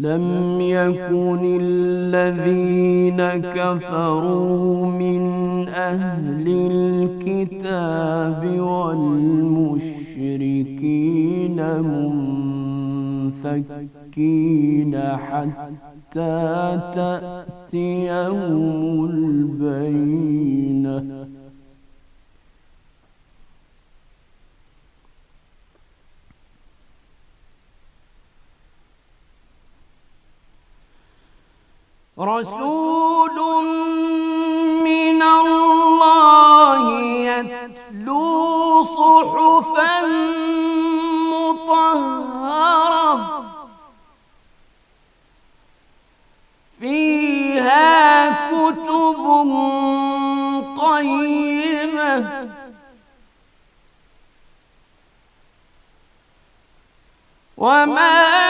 لم يكن الذين كفروا من أهل الكتاب والمشركين منفكين حتى تأتيهم البيت رسول من الله يتلو صحفا مطهرة فيها كتب قيمة وما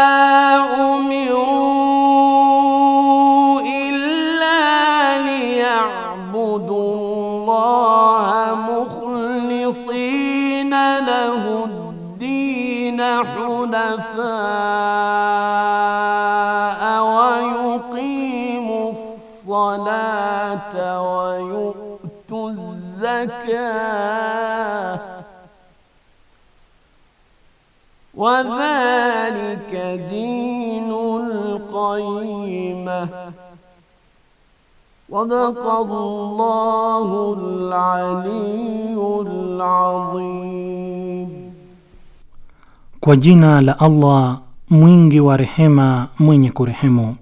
الكفاء ويقيم الصلاة ويؤت الزكاة وذلك دين القيمة صدق الله العلي العظيم Kwa jina la Allah mwingi wa rehema mwenye kurehemu.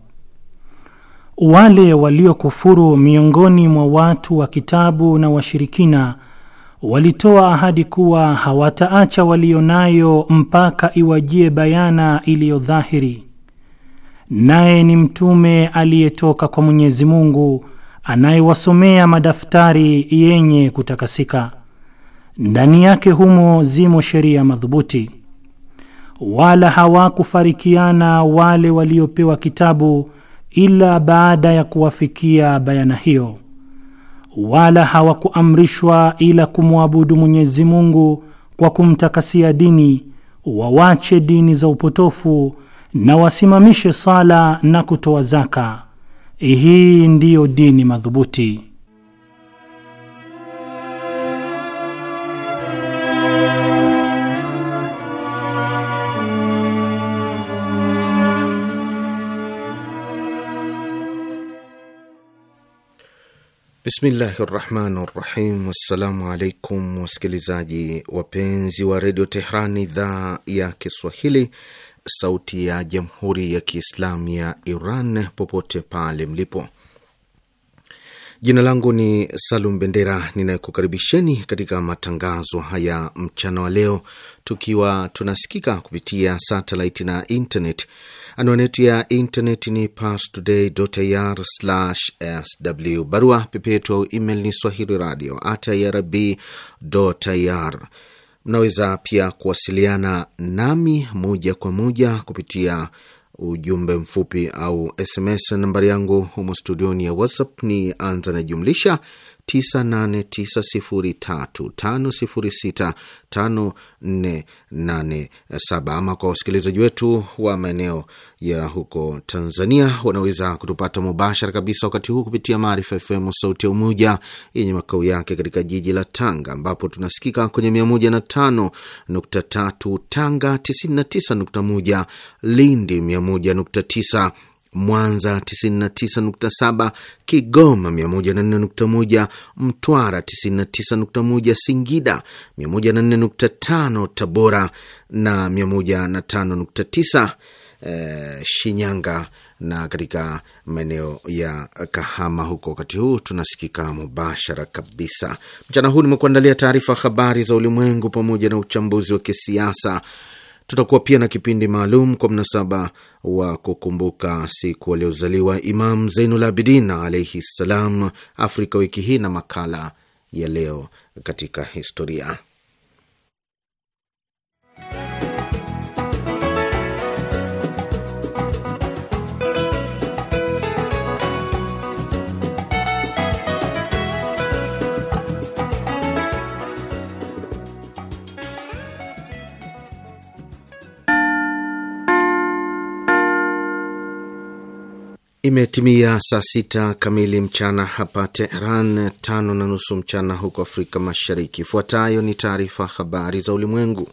Wale waliokufuru miongoni mwa watu wa kitabu na washirikina walitoa ahadi kuwa hawataacha walionayo mpaka iwajie bayana iliyo dhahiri, naye ni mtume aliyetoka kwa Mwenyezi Mungu anayewasomea madaftari yenye kutakasika, ndani yake humo zimo sheria madhubuti wala hawakufarikiana wale waliopewa kitabu ila baada ya kuwafikia bayana hiyo, wala hawakuamrishwa ila kumwabudu Mwenyezi Mungu kwa kumtakasia dini, wawache dini za upotofu na wasimamishe sala na kutoa zaka. Hii ndiyo dini madhubuti. Bismillahi rahmani rahim. Wassalamu alaikum wasikilizaji wapenzi wa redio Tehran, idhaa ya Kiswahili, sauti ya jamhuri ya Kiislamu ya Iran, popote pale mlipo. Jina langu ni Salum Bendera ninayekukaribisheni katika matangazo haya mchana wa leo, tukiwa tunasikika kupitia satellite na internet. Anwani yetu ya intaneti ni parstoday.ir/sw, barua pepe yetu au email ni swahili radio at irib.ir. Mnaweza pia kuwasiliana nami moja kwa moja kupitia ujumbe mfupi au SMS. Nambari yangu humo studioni ya WhatsApp ni anza na jumlisha 989035065487 ama kwa wasikilizaji wetu wa maeneo ya huko Tanzania wanaweza kutupata mubashara kabisa wakati huu kupitia Maarifa FM sauti ya Umoja yenye makao yake katika jiji la Tanga, ambapo tunasikika kwenye 105.3 Tanga, 99.1 Lindi, 101.9 Mwanza 99.7, Kigoma 104.1, Mtwara 99.1, Singida 104.5, Tabora na 105.9 eh, Shinyanga na katika maeneo ya Kahama huko. Wakati huu tunasikika mubashara kabisa. Mchana huu nimekuandalia taarifa habari za ulimwengu pamoja na uchambuzi wa kisiasa Tutakuwa pia na kipindi maalum kwa mnasaba wa kukumbuka siku aliozaliwa Imam Zainul Abidin alaihi ssalam, Afrika wiki hii na makala ya leo katika historia Imetimia saa sita kamili mchana hapa Teheran, tano na nusu mchana huko Afrika Mashariki. Ifuatayo ni taarifa habari za ulimwengu,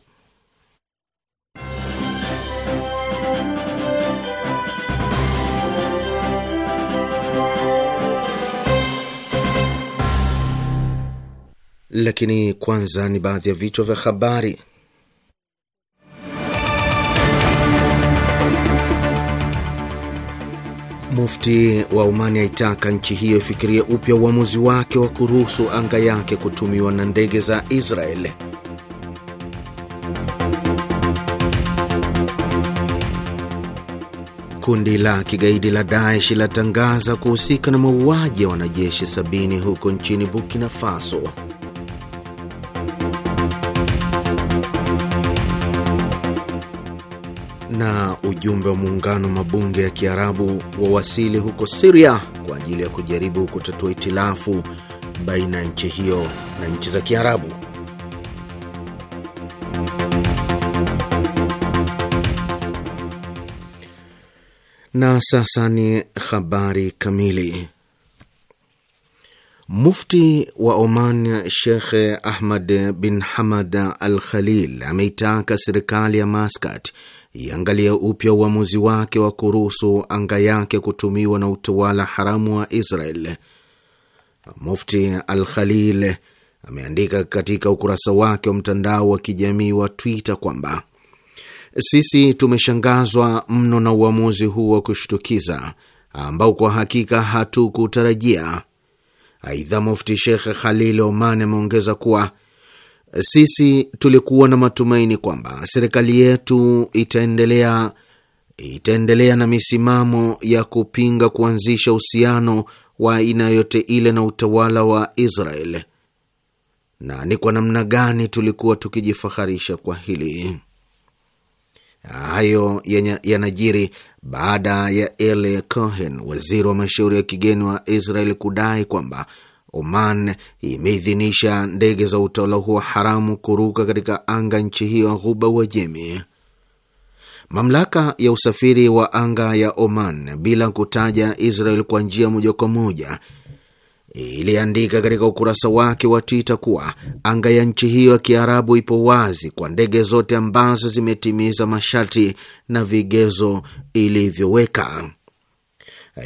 lakini kwanza ni baadhi ya vichwa vya habari. Mufti wa umani aitaka nchi hiyo ifikirie upya uamuzi wake wa kuruhusu anga yake kutumiwa na ndege za Israeli. Kundi la kigaidi la Daesh latangaza kuhusika na mauaji ya wanajeshi sabini huko nchini Burkina Faso. na ujumbe wa muungano wa mabunge ya Kiarabu wawasili huko Siria kwa ajili ya kujaribu kutatua itilafu baina ya nchi hiyo na nchi za Kiarabu. Na sasa ni habari kamili. Mufti wa Oman Shekh Ahmad bin Hamad Al Khalil ameitaka serikali ya Maskat iangalie upya uamuzi wake wa kuruhusu anga yake kutumiwa na utawala haramu wa Israel. Mufti Al Khalil ameandika katika ukurasa wake wa mtandao wa kijamii wa Twitter kwamba sisi tumeshangazwa mno na uamuzi huu wa kushtukiza ambao kwa hakika hatukutarajia. Aidha, Mufti shekh Khalil Oman ameongeza kuwa sisi tulikuwa na matumaini kwamba serikali yetu itaendelea itaendelea na misimamo ya kupinga kuanzisha uhusiano wa aina yote ile na utawala wa Israel, na ni kwa namna gani tulikuwa tukijifaharisha kwa hili. Hayo yanajiri baada ya Eli Cohen, waziri wa mashauri ya kigeni wa Israel, kudai kwamba Oman imeidhinisha ndege za utawala huo haramu kuruka katika anga nchi hiyo ghuba Uajemi. Mamlaka ya usafiri wa anga ya Oman, bila kutaja Israel kwa njia moja kwa moja, iliandika katika ukurasa wake wa Twitter kuwa anga ya nchi hiyo ya Kiarabu ipo wazi kwa ndege zote ambazo zimetimiza masharti na vigezo ilivyoweka.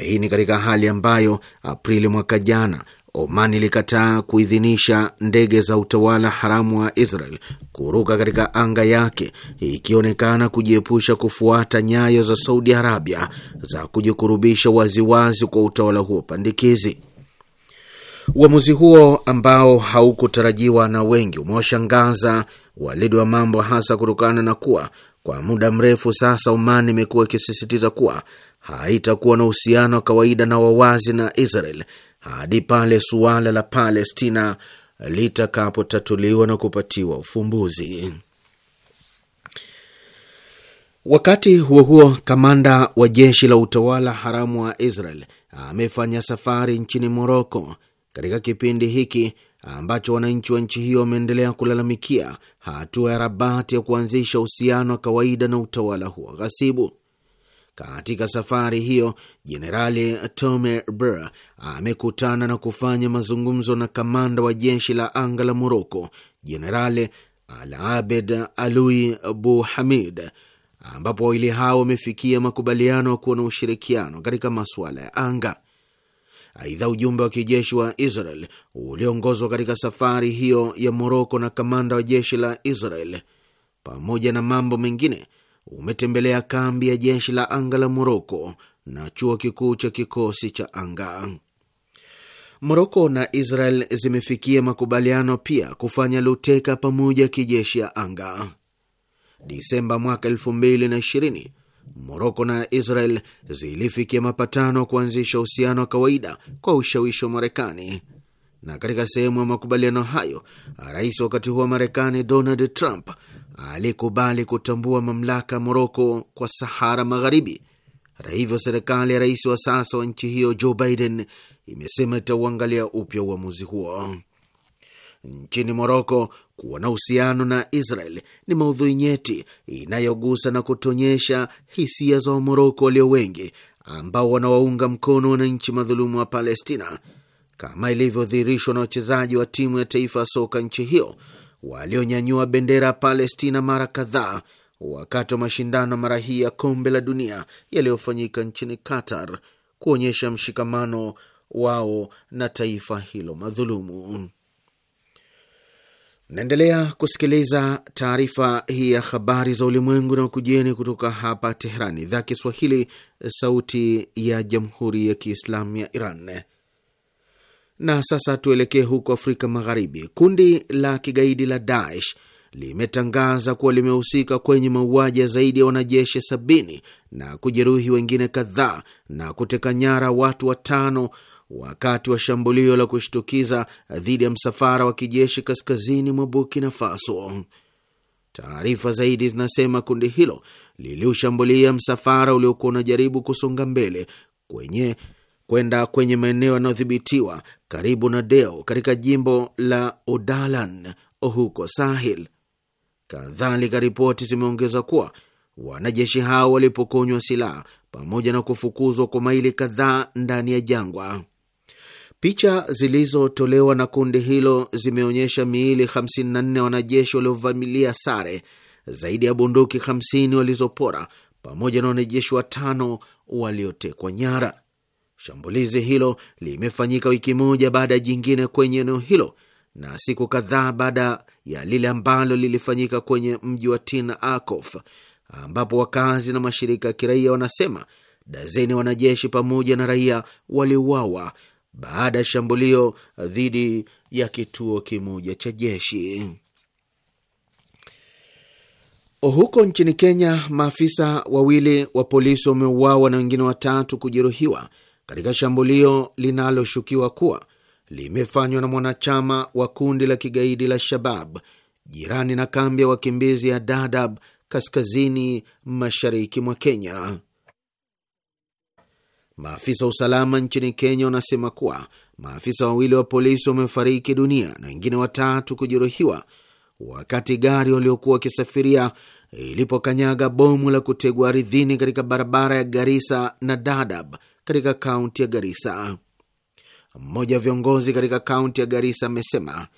Hii ni katika hali ambayo Aprili mwaka jana Oman ilikataa kuidhinisha ndege za utawala haramu wa Israel kuruka katika anga yake, ikionekana kujiepusha kufuata nyayo za Saudi Arabia za kujikurubisha waziwazi kwa utawala huo pandikizi. Uamuzi huo ambao haukutarajiwa na wengi umewashangaza walidi wa mambo, hasa kutokana na kuwa kwa muda mrefu sasa Oman imekuwa ikisisitiza kuwa haitakuwa na uhusiano wa kawaida na wawazi na Israel hadi pale suala la Palestina litakapotatuliwa na kupatiwa ufumbuzi. Wakati huo huo, kamanda wa jeshi la utawala haramu wa Israel amefanya safari nchini Moroko katika kipindi hiki ambacho wananchi wa nchi hiyo wameendelea kulalamikia hatua ya Rabati ya kuanzisha uhusiano wa kawaida na utawala huo ghasibu. Katika safari hiyo, Jenerali Tome bur amekutana na kufanya mazungumzo na kamanda wa jeshi la anga la Moroko, Jenerali Al Abed Alui Bu Hamid, ambapo wawili hao wamefikia makubaliano ya kuwa na ushirikiano katika masuala ya anga. Aidha, ujumbe wa kijeshi wa Israel ulioongozwa katika safari hiyo ya Moroko na kamanda wa jeshi la Israel. Pamoja na mambo mengine, umetembelea kambi ya jeshi la anga la Moroko na chuo kikuu cha kikosi cha anga. Moroko na Israel zimefikia makubaliano pia kufanya luteka pamoja kijeshi ya anga. Disemba mwaka 2020 Moroko na Israel zilifikia mapatano kuanzisha uhusiano wa kawaida kwa ushawishi wa Marekani, na katika sehemu ya makubaliano hayo, rais wakati huo wa Marekani Donald Trump alikubali kutambua mamlaka ya Moroko kwa Sahara Magharibi. Hata hivyo, serikali ya rais wa sasa wa nchi hiyo Joe Biden imesema itauangalia upya uamuzi huo. Nchini Moroko, kuwa na uhusiano na Israel ni maudhui nyeti inayogusa na kutonyesha hisia za Wamoroko walio wengi ambao wanawaunga mkono wananchi madhulumu wa Palestina, kama ilivyodhihirishwa na wachezaji wa timu ya taifa ya soka nchi hiyo walionyanyua bendera ya Palestina mara kadhaa wakati wa mashindano mara hii ya kombe la dunia yaliyofanyika nchini Qatar kuonyesha mshikamano wao na taifa hilo madhulumu. Naendelea kusikiliza taarifa hii ya habari za ulimwengu na kujieni kutoka hapa Teherani, idhaa Kiswahili, sauti ya jamhuri ya kiislamu ya Iran. Na sasa tuelekee huko Afrika Magharibi. Kundi la kigaidi la Daesh limetangaza kuwa limehusika kwenye mauaji ya zaidi ya wanajeshi sabini na kujeruhi wengine kadhaa na kuteka nyara watu watano wakati wa shambulio la kushtukiza dhidi ya msafara wa kijeshi kaskazini mwa Burkina Faso. Taarifa zaidi zinasema kundi hilo liliushambulia msafara uliokuwa unajaribu kusonga mbele kwenye kwenda kwenye maeneo yanayodhibitiwa karibu na Deo katika jimbo la udalan huko sahil Kadhalika, ripoti zimeongeza kuwa wanajeshi hao walipokonywa silaha pamoja na kufukuzwa kwa maili kadhaa ndani ya jangwa. Picha zilizotolewa na kundi hilo zimeonyesha miili 54 wanajeshi waliovamilia sare, zaidi ya bunduki 50 walizopora, pamoja na wanajeshi watano waliotekwa nyara. Shambulizi hilo limefanyika wiki moja baada ya jingine kwenye eneo hilo na siku kadhaa baada ya lile ambalo lilifanyika kwenye mji wa Tin Akof, ambapo wakazi na mashirika ya kiraia wanasema dazeni wanajeshi pamoja na raia waliuawa baada ya shambulio dhidi ya kituo kimoja cha jeshi. Huko nchini Kenya, maafisa wawili wa polisi wameuawa na wengine watatu kujeruhiwa katika shambulio linaloshukiwa kuwa limefanywa na mwanachama wa kundi la kigaidi la Shabab jirani na kambi ya wakimbizi ya dadab kaskazini mashariki mwa Kenya. Maafisa wa usalama nchini Kenya wanasema kuwa maafisa wawili wa polisi wamefariki dunia na wengine watatu kujeruhiwa wakati gari waliokuwa wakisafiria ilipokanyaga bomu la kutegwa ardhini katika barabara ya Garisa na Dadab katika kaunti ya Garisa. Mmoja wa viongozi katika kaunti ya garisa amesema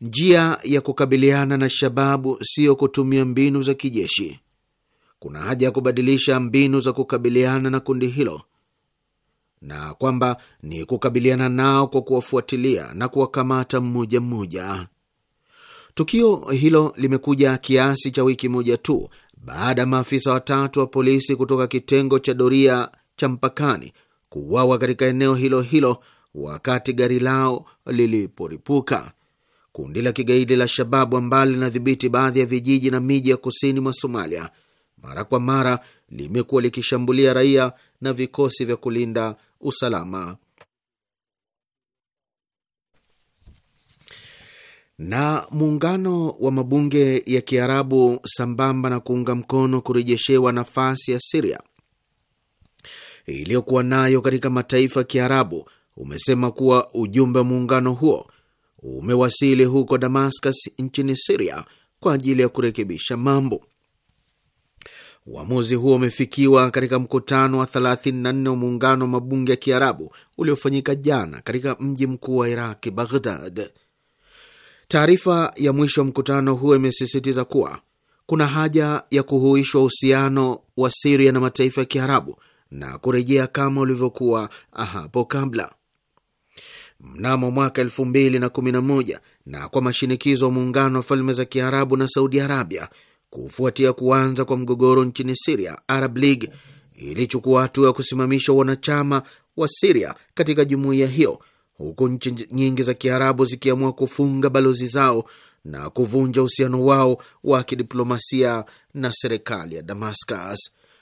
njia ya kukabiliana na shababu siyo kutumia mbinu za kijeshi. Kuna haja ya kubadilisha mbinu za kukabiliana na kundi hilo na kwamba ni kukabiliana nao kwa kuwafuatilia na kuwakamata mmoja mmoja. Tukio hilo limekuja kiasi cha wiki moja tu baada ya maafisa watatu wa polisi kutoka kitengo cha doria cha mpakani kuuawa katika eneo hilo hilo wakati gari lao liliporipuka. Kundi la kigaidi la Shababu ambalo linadhibiti baadhi ya vijiji na miji ya kusini mwa Somalia mara kwa mara limekuwa likishambulia raia na vikosi vya kulinda usalama. Na muungano wa mabunge ya Kiarabu sambamba na kuunga mkono kurejeshewa nafasi ya Siria iliyokuwa nayo katika mataifa ya Kiarabu umesema kuwa ujumbe wa muungano huo umewasili huko Damascus nchini Siria kwa ajili ya kurekebisha mambo. Uamuzi huo umefikiwa katika mkutano wa 34 wa muungano wa mabunge ya Kiarabu uliofanyika jana katika mji mkuu wa Iraq, Baghdad. Taarifa ya mwisho wa mkutano huo imesisitiza kuwa kuna haja ya kuhuishwa uhusiano wa Siria na mataifa ya Kiarabu na kurejea kama ulivyokuwa ah, hapo kabla. Mnamo mwaka elfu mbili na kumi na moja na kwa mashinikizo wa muungano wa falme za Kiarabu na Saudi Arabia, kufuatia kuanza kwa mgogoro nchini Siria, Arab League ilichukua hatua ya kusimamisha wanachama wa Siria katika jumuiya hiyo, huku nchi nyingi za Kiarabu zikiamua kufunga balozi zao na kuvunja uhusiano wao wa kidiplomasia na serikali ya Damascus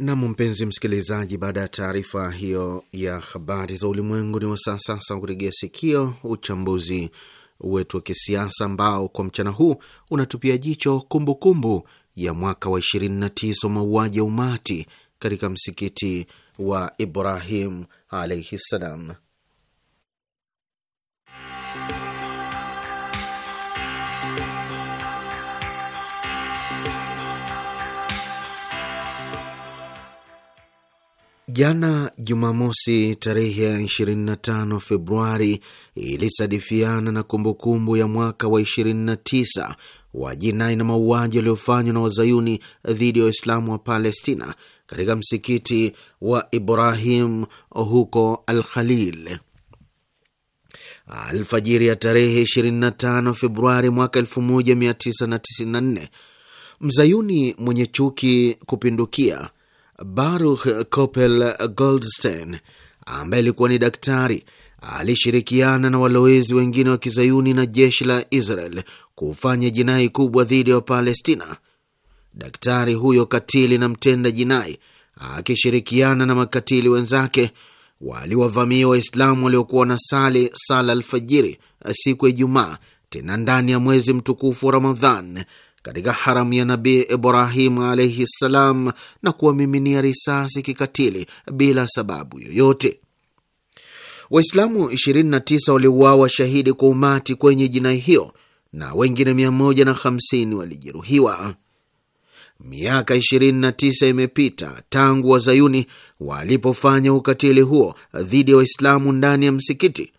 Nam, mpenzi msikilizaji, baada ya taarifa hiyo ya habari za ulimwengu, ni wasaa sasa wa kuregea sikio uchambuzi wetu wa kisiasa ambao kwa mchana huu unatupia jicho kumbukumbu kumbu ya mwaka wa 29 wa mauaji ya umati katika msikiti wa Ibrahim alaihi ssalam. Jana Jumamosi tarehe ya 25 Februari ilisadifiana na kumbukumbu ya mwaka wa 29 wa jinai na mauaji yaliyofanywa na wazayuni dhidi ya Waislamu wa Palestina katika msikiti wa Ibrahim huko Al Khalil. Alfajiri ya tarehe 25 Februari mwaka 1994 mzayuni mwenye chuki kupindukia Baruch Koppel Goldstein ambaye alikuwa ni daktari alishirikiana na walowezi wengine wa kizayuni na jeshi la Israel kufanya jinai kubwa dhidi ya Wapalestina. Daktari huyo katili na mtenda jinai akishirikiana na makatili wenzake waliwavamia Waislamu waliokuwa na sali sala alfajiri siku ya Ijumaa, tena ndani ya mwezi mtukufu wa Ramadhan katika haramu ya Nabii Ibrahimu alaihi ssalam na kuwamiminia risasi kikatili bila sababu yoyote. Waislamu 29 waliuawa shahidi kwa umati kwenye jinai hiyo na wengine 150 walijeruhiwa. Miaka 29 imepita tangu wazayuni walipofanya ukatili huo dhidi ya Waislamu ndani ya msikiti,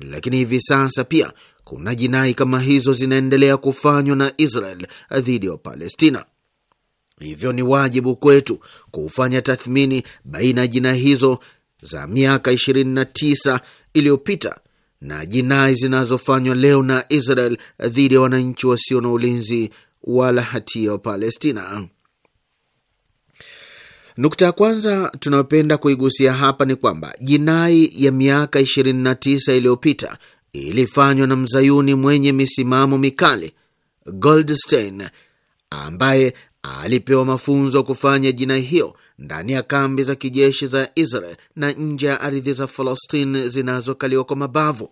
lakini hivi sasa pia kuna jinai kama hizo zinaendelea kufanywa na Israel dhidi ya Wapalestina. Hivyo ni wajibu kwetu kufanya tathmini baina ya jinai hizo za miaka 29 iliyopita na jinai zinazofanywa leo na Israel dhidi ya wananchi wasio na ulinzi wala hatia wa Palestina. Nukta ya kwanza tunayopenda kuigusia hapa ni kwamba jinai ya miaka 29 iliyopita ilifanywa na mzayuni mwenye misimamo mikali Goldstein, ambaye alipewa mafunzo kufanya jinai hiyo ndani ya kambi za kijeshi za Israel na nje ya ardhi za Falastini zinazokaliwa kwa mabavu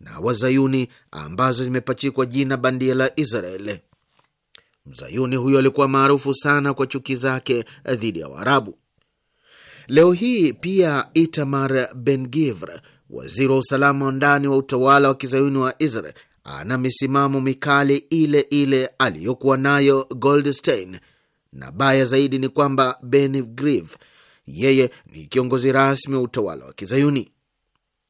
na wazayuni ambazo zimepachikwa jina bandia la Israel. Mzayuni huyo alikuwa maarufu sana kwa chuki zake dhidi ya Waarabu. Leo hii pia Itamar Ben Gvir, waziri wa usalama wa ndani wa utawala wa kizayuni wa Israel ana misimamo mikali ile ile aliyokuwa nayo Goldstein, na baya zaidi ni kwamba Beni Gvir yeye ni kiongozi rasmi wa utawala wa kizayuni.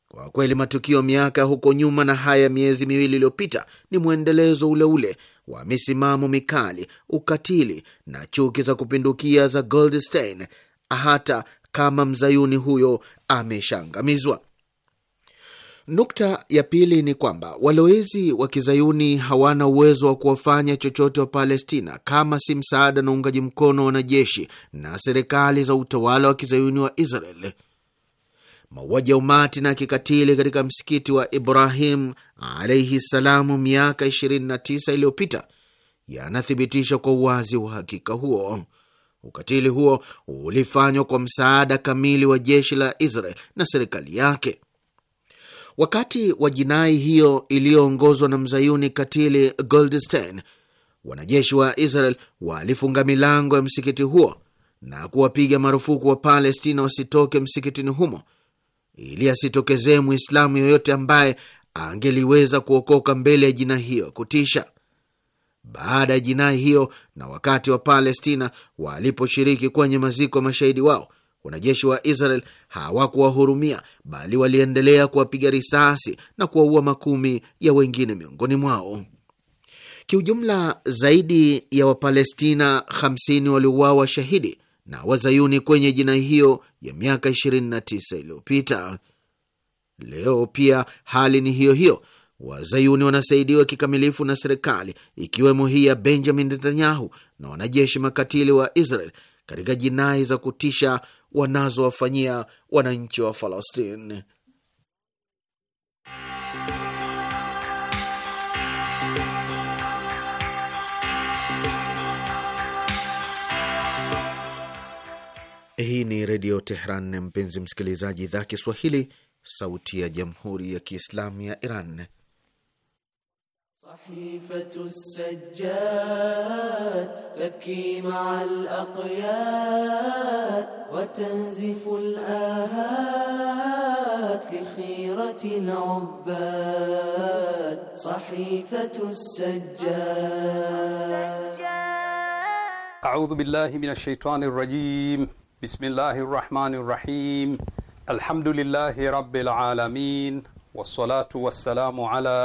Kwa kweli matukio miaka huko nyuma na haya miezi miwili iliyopita ni mwendelezo uleule ule wa misimamo mikali, ukatili na chuki za kupindukia za Goldstein, hata kama mzayuni huyo ameshaangamizwa. Nukta ya pili ni kwamba walowezi wa kizayuni hawana uwezo wa kuwafanya chochote wa Palestina kama si msaada na uungaji mkono wa wanajeshi na serikali za utawala wa kizayuni wa Israel. Mauaji ya umati na kikatili katika msikiti wa Ibrahim alaihi salamu miaka 29 iliyopita yanathibitisha kwa uwazi uhakika huo. Ukatili huo ulifanywa kwa msaada kamili wa jeshi la Israel na serikali yake. Wakati wa jinai hiyo iliyoongozwa na mzayuni katili Goldstein, wanajeshi wa Israel walifunga milango ya msikiti huo na kuwapiga marufuku wa Palestina wasitoke msikitini humo ili asitokezee Mwislamu yoyote ambaye angeliweza kuokoka mbele ya jinai hiyo kutisha. Baada ya jinai hiyo na wakati wa Palestina waliposhiriki kwenye maziko ya mashahidi wao, Wanajeshi wa Israel hawakuwahurumia bali waliendelea kuwapiga risasi na kuwaua makumi ya wengine miongoni mwao. Kiujumla, zaidi ya Wapalestina 50 waliuawa shahidi na wazayuni kwenye jinai hiyo ya miaka 29 iliyopita. Leo pia hali ni hiyo hiyo. Wazayuni wanasaidiwa kikamilifu na serikali ikiwemo hii ya Benjamin Netanyahu na wanajeshi makatili wa Israel katika jinai za kutisha wanazowafanyia wananchi wa Falastini. Hii ni Redio Tehran, mpenzi msikilizaji, idhaa Kiswahili, sauti ya Jamhuri ya Kiislamu ya Iran. صحيفة السجاد تبكي مع الأقياد وتنزف الآهات لخيرة العباد صحيفة السجاد أعوذ بالله من الشيطان الرجيم بسم الله الرحمن الرحيم الحمد لله رب العالمين والصلاة والسلام على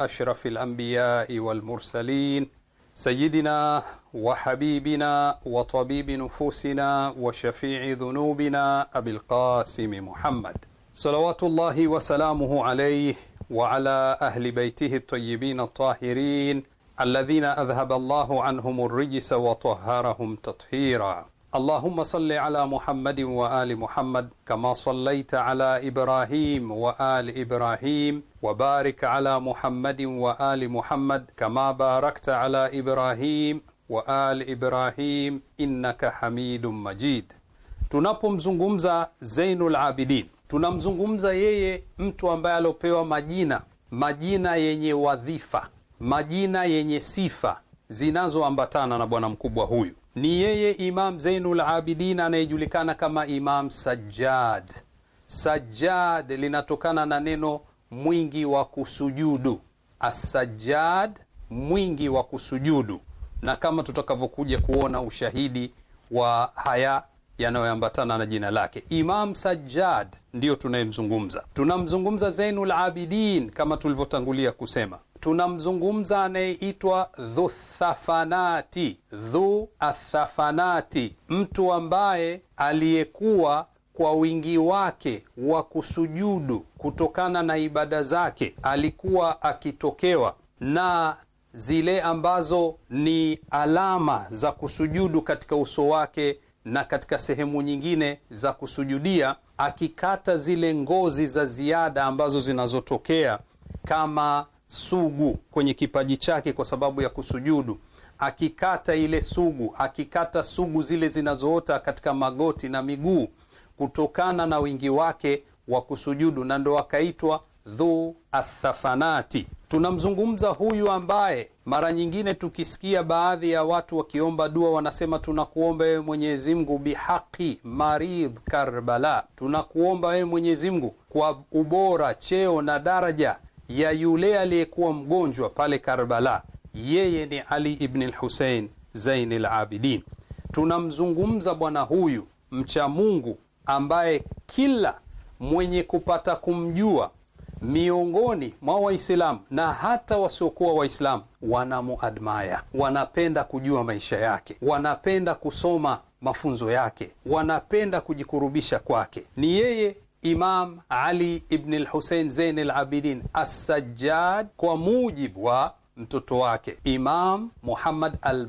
أشرف الأنبياء والمرسلين سيدنا وحبيبنا وطبيب نفوسنا وشفيع ذنوبنا أبي القاسم محمد صلوات الله وسلامه عليه وعلى أهل بيته الطيبين الطاهرين الذين أذهب الله عنهم الرجس وطهرهم تطهيرا Allahumma salli ala Muhammadin wa ali Muhammad kama sallaita ala Ibrahim wa ali Ibrahim wa barik ala Muhammadin wa ali Muhammad kama barakta ala Ibrahim wa ali Ibrahim innaka Hamidum Majid. Tunapomzungumza Zainul Abidin, tunamzungumza yeye mtu ambaye alopewa majina, majina yenye wadhifa, majina yenye sifa zinazoambatana na bwana mkubwa huyu ni yeye Imam Zainul Abidin anayejulikana kama Imam Sajjad. Sajjad linatokana na neno mwingi wa kusujudu, asajjad, mwingi wa kusujudu, na kama tutakavyokuja kuona ushahidi wa haya yanayoambatana na jina lake Imam Sajjad, ndiyo tunayemzungumza. Tunamzungumza Zainul Abidin kama tulivyotangulia kusema tunamzungumza anayeitwa dhuthafanati, dhu athafanati, mtu ambaye aliyekuwa kwa wingi wake wa kusujudu kutokana na ibada zake alikuwa akitokewa na zile ambazo ni alama za kusujudu katika uso wake na katika sehemu nyingine za kusujudia, akikata zile ngozi za ziada ambazo zinazotokea kama sugu kwenye kipaji chake kwa sababu ya kusujudu, akikata ile sugu, akikata sugu zile zinazoota katika magoti na miguu kutokana na wingi wake wa kusujudu, na ndo akaitwa dhu athafanati. Tunamzungumza huyu ambaye mara nyingine tukisikia baadhi ya watu wakiomba dua wanasema, tunakuomba wewe Mwenyezi Mungu bihaqi maridh Karbala, tunakuomba wewe Mwenyezi Mungu kwa ubora, cheo na daraja ya yule aliyekuwa mgonjwa pale Karbala, yeye ni Ali ibn Lhusein Zain labidin Tunamzungumza bwana huyu mcha Mungu ambaye kila mwenye kupata kumjua miongoni mwa Waislamu na hata wasiokuwa Waislamu wanamuadmaya, wanapenda kujua maisha yake, wanapenda kusoma mafunzo yake, wanapenda kujikurubisha kwake. Ni yeye Imam Ali ibn al zein Zain al kwa mujibu wa mtoto wake Imam Muhammad al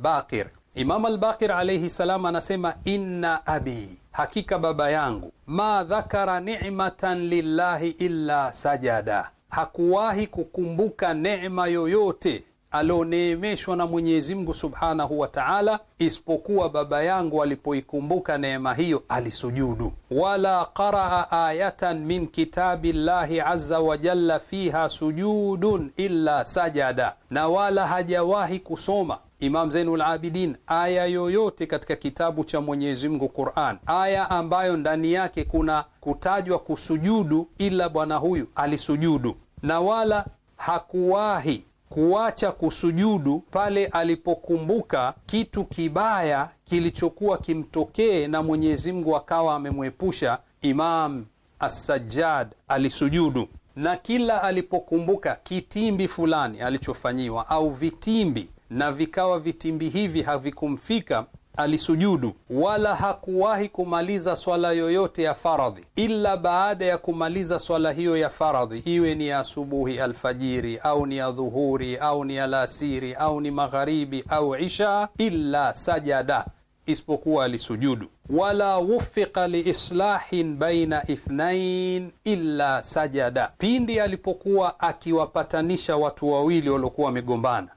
Imam al-Baqir salam anasema inna abi, hakika baba yangu, ma dhakara ni'matan lillahi illa sajada, hakuwahi kukumbuka neema yoyote alioneemeshwa na Mwenyezi Mungu subhanahu wa taala, isipokuwa baba yangu alipoikumbuka neema hiyo alisujudu. Wala qaraa ayatan min kitabi llahi azza wa jalla fiha sujudun illa sajada, na wala hajawahi kusoma Imam Zainul Abidin aya yoyote katika kitabu cha Mwenyezi Mungu Quran, aya ambayo ndani yake kuna kutajwa kusujudu, ila bwana huyu alisujudu, na wala hakuwahi kuacha kusujudu pale alipokumbuka kitu kibaya kilichokuwa kimtokee na Mwenyezi Mungu akawa amemwepusha. Imam Assajjad alisujudu na kila alipokumbuka kitimbi fulani alichofanyiwa au vitimbi, na vikawa vitimbi hivi havikumfika alisujudu wala hakuwahi kumaliza swala yoyote ya faradhi ila baada ya kumaliza swala hiyo ya faradhi, iwe ni ya asubuhi alfajiri, au ni ya dhuhuri, au ni alasiri, au ni magharibi au isha, illa sajada, isipokuwa alisujudu. Wala wufiqa liislahin baina ithnain illa sajada, pindi alipokuwa akiwapatanisha watu wawili waliokuwa wamegombana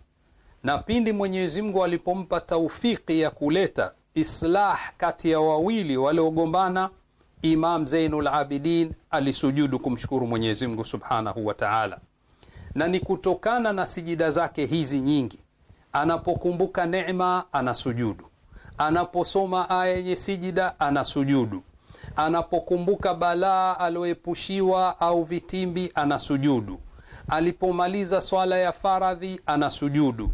na pindi Mwenyezi Mungu alipompa taufiki ya kuleta islah kati ya wawili waliogombana, Imam Zainul Abidin alisujudu kumshukuru Mwenyezi Mungu subhanahu wa taala, na ni kutokana na sijida zake hizi nyingi. Anapokumbuka neema anasujudu, anaposoma aya yenye sijida anasujudu, anapokumbuka balaa aliyoepushiwa au vitimbi anasujudu, alipomaliza swala ya faradhi anasujudu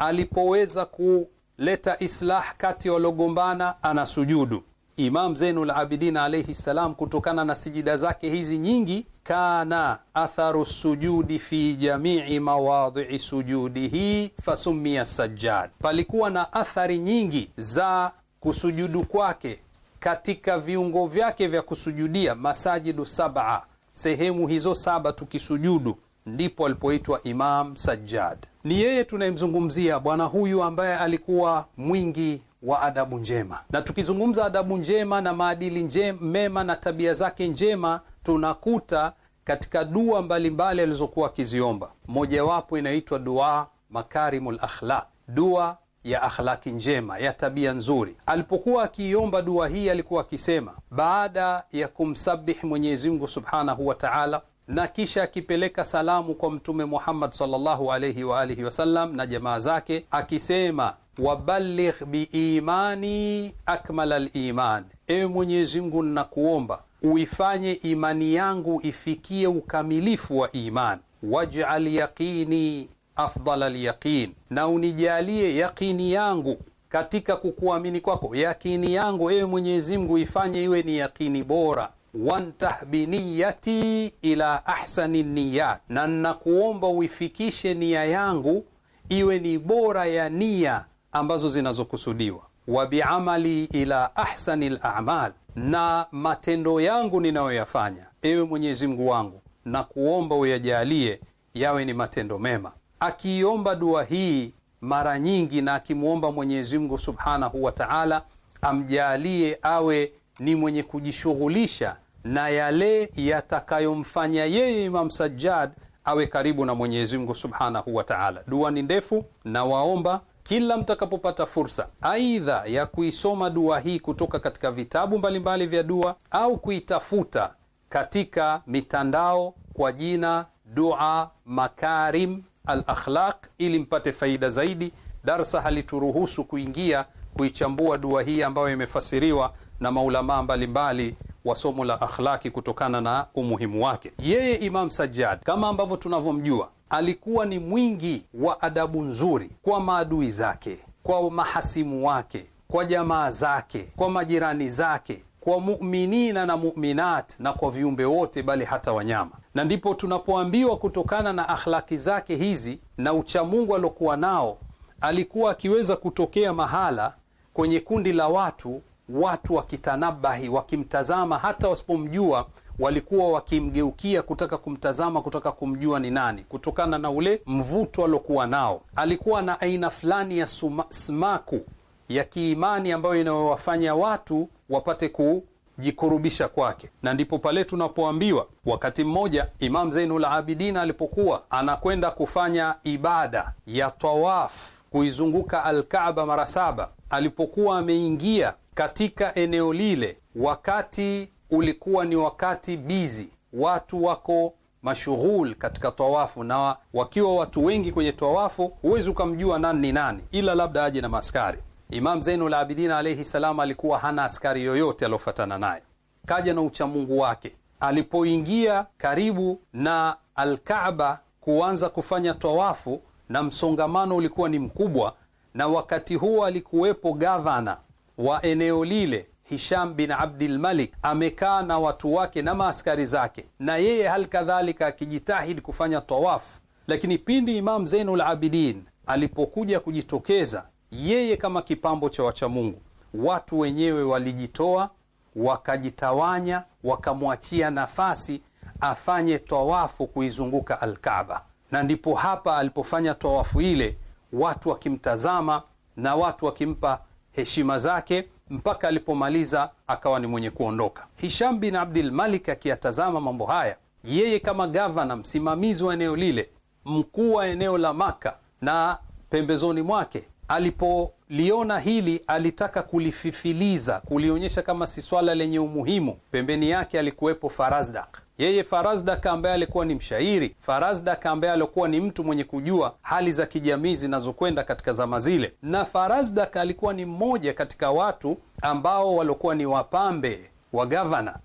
alipoweza kuleta islah kati waliogombana anasujudu. Imam Zainul Abidin alaihi salam, kutokana na sijida zake hizi nyingi, kana atharu sujudi fi jamii mawadhii sujudihi fasummiya Sajjad, palikuwa na athari nyingi za kusujudu kwake katika viungo vyake vya kusujudia, masajidu saba, sehemu hizo saba tukisujudu ndipo alipoitwa Imam Sajjad. Ni yeye tunayemzungumzia bwana huyu ambaye alikuwa mwingi wa adabu njema, na tukizungumza adabu njema na maadili njema, mema na tabia zake njema tunakuta katika dua mbalimbali alizokuwa akiziomba, mojawapo inaitwa dua makarimul akhlaq, dua ya akhlaki njema ya tabia nzuri. Alipokuwa akiiomba dua hii, alikuwa akisema baada ya kumsabihi Mwenyezi Mungu subhanahu wa taala na kisha akipeleka salamu kwa Mtume Muhammad sallallahu alayhi wa alihi wasallam na jamaa zake akisema, waballigh biimani akmala liman, ewe Mwenyezi Mungu nnakuomba uifanye imani yangu ifikie ukamilifu wa iman. Waj'al yaqini afdala lyaqin, na unijalie yaqini yangu katika kukuamini kwako, yaqini yangu ewe Mwenyezi Mungu ifanye iwe ni yaqini bora wantahbiniyati ila ahsani niyat, na nnakuomba uifikishe nia yangu iwe ni bora ya nia ambazo zinazokusudiwa. Wa biamali ila ahsani lamal, na matendo yangu ninayoyafanya, ewe Mwenyezi Mungu wangu, na kuomba uyajalie yawe ni matendo mema. Akiiomba dua hii mara nyingi na akimwomba Mwenyezi Mungu subhanahu wa taala amjalie awe ni mwenye kujishughulisha na yale yatakayomfanya yeye Imam Sajjad awe karibu na Mwenyezi Mungu subhanahu wa taala. Dua ni ndefu, na waomba kila mtakapopata fursa, aidha ya kuisoma dua hii kutoka katika vitabu mbalimbali vya dua au kuitafuta katika mitandao kwa jina Dua Makarim al Akhlaq, ili mpate faida zaidi. Darsa halituruhusu kuingia kuichambua dua hii ambayo imefasiriwa na maulamaa mbalimbali wa somo la akhlaki kutokana na umuhimu wake. Yeye Imam Sajjad kama ambavyo tunavyomjua, alikuwa ni mwingi wa adabu nzuri kwa maadui zake, kwa mahasimu wake, kwa jamaa zake, kwa majirani zake, kwa muminina na muminat, na kwa viumbe wote, bali hata wanyama. Na ndipo tunapoambiwa kutokana na akhlaki zake hizi na uchamungu aliokuwa nao, alikuwa akiweza kutokea mahala kwenye kundi la watu watu wakitanabahi, wakimtazama, hata wasipomjua walikuwa wakimgeukia kutaka kumtazama, kutaka kumjua ni nani, kutokana na ule mvuto aliokuwa nao. Alikuwa na aina fulani ya suma, smaku ya kiimani ambayo inayowafanya watu wapate kujikurubisha kwake, na ndipo pale tunapoambiwa wakati mmoja Imam Zainul Abidin alipokuwa anakwenda kufanya ibada ya tawaf kuizunguka Alkaaba mara saba, alipokuwa ameingia katika eneo lile, wakati ulikuwa ni wakati bizi, watu wako mashughul katika tawafu, na wakiwa watu wengi kwenye tawafu huwezi ukamjua nani ni nani, ila labda aje na maaskari. Imam Zainul Abidin alayhi salam alikuwa hana askari yoyote aliofatana naye, kaja na uchamungu wake. Alipoingia karibu na Alkaaba kuanza kufanya tawafu, na msongamano ulikuwa ni mkubwa, na wakati huo alikuwepo gavana wa eneo lile Hisham bin Abdilmalik amekaa na watu wake na maaskari zake, na yeye hal kadhalika akijitahidi kufanya tawafu. Lakini pindi Imam Zainul Abidin alipokuja kujitokeza yeye kama kipambo cha wachamungu, watu wenyewe walijitoa wakajitawanya, wakamwachia nafasi afanye tawafu kuizunguka Alkaaba, na ndipo hapa alipofanya tawafu ile, watu wakimtazama na watu wakimpa heshima zake mpaka alipomaliza akawa ni mwenye kuondoka. Hisham bin Abdul Malik akiyatazama mambo haya, yeye kama gavana, msimamizi wa eneo lile, mkuu wa eneo la Maka na pembezoni mwake Alipoliona hili alitaka kulififiliza, kulionyesha kama si swala lenye umuhimu. Pembeni yake alikuwepo Farazdak, yeye Farazdak ambaye alikuwa ni mshairi, Farazdak ambaye alikuwa ni mtu mwenye kujua hali za kijamii zinazokwenda katika zama zile, na Farazdak alikuwa ni mmoja katika watu ambao waliokuwa ni wapambe wa gavana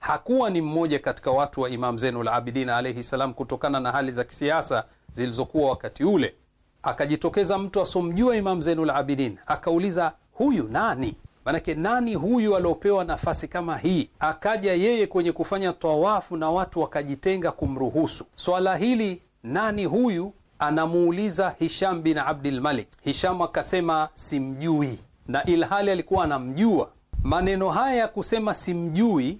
hakuwa ni mmoja katika watu wa Imam Zeinul Abidin alaihi salam, kutokana na hali za kisiasa zilizokuwa wakati ule akajitokeza mtu asomjua Imam Zainul Abidin akauliza, huyu nani? Manake nani huyu aliopewa nafasi kama hii? Akaja yeye kwenye kufanya tawafu na watu wakajitenga kumruhusu swala hili. Nani huyu? Anamuuliza Hisham bin Abdul Malik. Hisham akasema simjui, na ilhali alikuwa anamjua. Maneno haya ya kusema simjui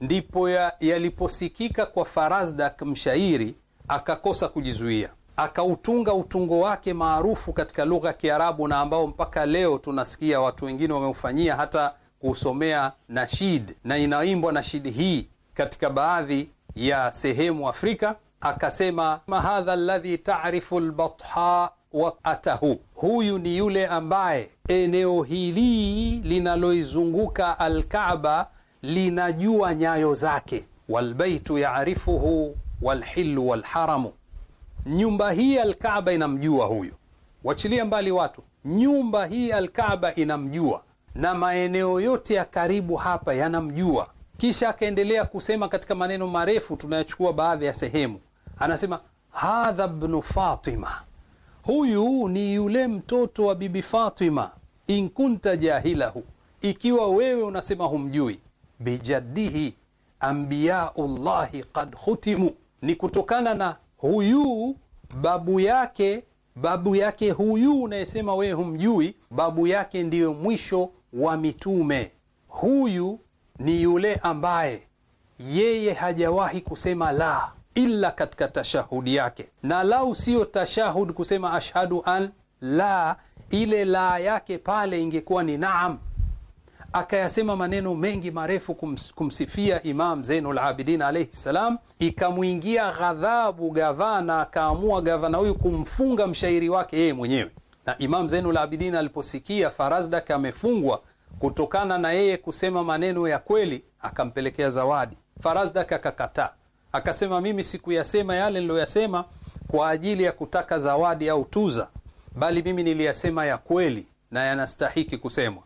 ndipo yaliposikika ya kwa Farazdak, mshairi, akakosa kujizuia akautunga utungo wake maarufu katika lugha ya Kiarabu na ambao mpaka leo tunasikia watu wengine wameufanyia hata kuusomea nashid, na inaimbwa nashid hii katika baadhi ya sehemu Afrika. Akasema, mahadha ladhi tarifu lbatha atahu, huyu ni yule ambaye eneo hili linaloizunguka alkaba linajua nyayo zake. Walbaitu yarifuhu walhilu walharamu nyumba hii Alkaaba inamjua huyu, wachilia mbali watu, nyumba hii Alkaaba inamjua na maeneo yote ya karibu hapa yanamjua. Kisha akaendelea kusema katika maneno marefu, tunayachukua baadhi ya sehemu. Anasema hadha bnu Fatima, huyu ni yule mtoto wa bibi Fatima. In kunta jahilahu, ikiwa wewe unasema humjui. Bijaddihi ambiyaullahi qad khutimu, ni kutokana na huyu babu yake babu yake huyu unayesema wewe humjui, babu yake ndiyo mwisho wa mitume. Huyu ni yule ambaye yeye hajawahi kusema la illa katika tashahudi yake, na lau siyo tashahud kusema ashhadu an la, ile la yake pale ingekuwa ni naam akayasema maneno mengi marefu kums, kumsifia Imam Zainul Abidin alayhi salam, ikamwingia ghadhabu gavana, akaamua gavana huyu kumfunga mshairi wake yeye mwenyewe. Na Imam Zainul Abidin aliposikia Farazdak amefungwa kutokana na yeye kusema maneno ya kweli, akampelekea zawadi. Farazdak akakataa, akasema mimi sikuyasema yale niloyasema kwa ajili ya kutaka zawadi au tuza, bali mimi niliyasema ya kweli na yanastahiki kusemwa.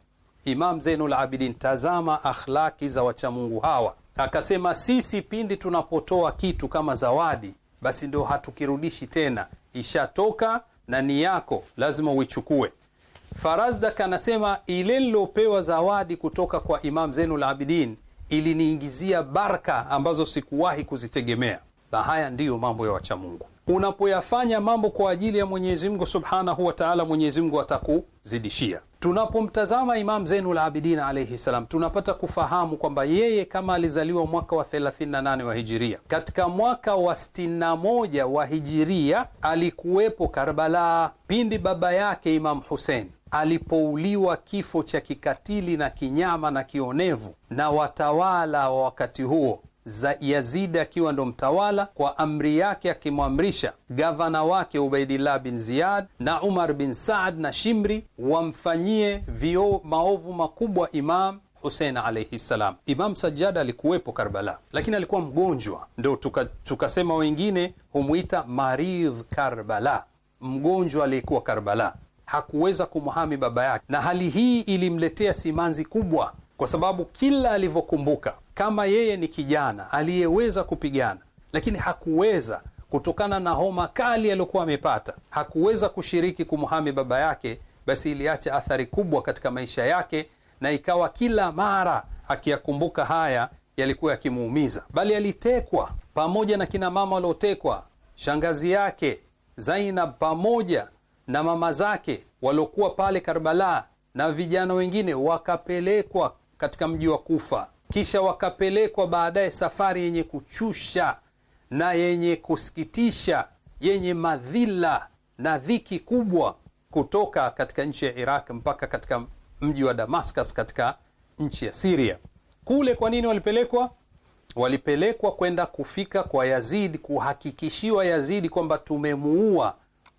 Imam Zainul Abidin, tazama akhlaki za wachamungu hawa. Akasema sisi pindi tunapotoa kitu kama zawadi, basi ndio hatukirudishi tena, ishatoka na ni yako, lazima uichukue. Farazdak anasema ile nilopewa zawadi kutoka kwa Imam Zainul Abidin iliniingizia baraka ambazo sikuwahi kuzitegemea, na haya ndiyo mambo ya wachamungu unapoyafanya mambo kwa ajili ya Mwenyezi Mungu Subhanahu wa Ta'ala, Mwenyezi Mungu atakuzidishia. Tunapomtazama Imam Zainul Abidin alayhi salam, tunapata kufahamu kwamba yeye kama alizaliwa mwaka wa 38 wa Hijiria, katika mwaka wa 61 wa Hijiria alikuwepo Karbala pindi baba yake Imam Hussein alipouliwa kifo cha kikatili na kinyama na kionevu na watawala wa wakati huo za Yazidi akiwa ndo mtawala, kwa amri yake akimwamrisha gavana wake Ubaidillah bin Ziyad na Umar bin Saad na Shimri wamfanyie vio maovu makubwa Imam Husein alaihi ssalam Imam Sajjad alikuwepo Karbala, lakini alikuwa mgonjwa, ndo tukasema tuka wengine humwita maridh Karbala, mgonjwa aliyekuwa Karbala hakuweza kumhami baba yake, na hali hii ilimletea simanzi kubwa, kwa sababu kila alivyokumbuka kama yeye ni kijana aliyeweza kupigana, lakini hakuweza kutokana na homa kali aliyokuwa amepata, hakuweza kushiriki kumhami baba yake, basi iliacha athari kubwa katika maisha yake, na ikawa kila mara akiyakumbuka haya yalikuwa yakimuumiza. Bali alitekwa pamoja na kina mama waliotekwa, shangazi yake Zainab pamoja na mama zake waliokuwa pale Karbala na vijana wengine wakapelekwa katika mji wa Kufa kisha wakapelekwa baadaye safari yenye kuchusha na yenye kusikitisha yenye madhila na dhiki kubwa kutoka katika nchi ya Iraq mpaka katika mji wa Damascus katika nchi ya siria Kule kwa nini walipelekwa? Walipelekwa kwenda kufika kwa Yazid, kuhakikishiwa Yazidi kwamba tumemuua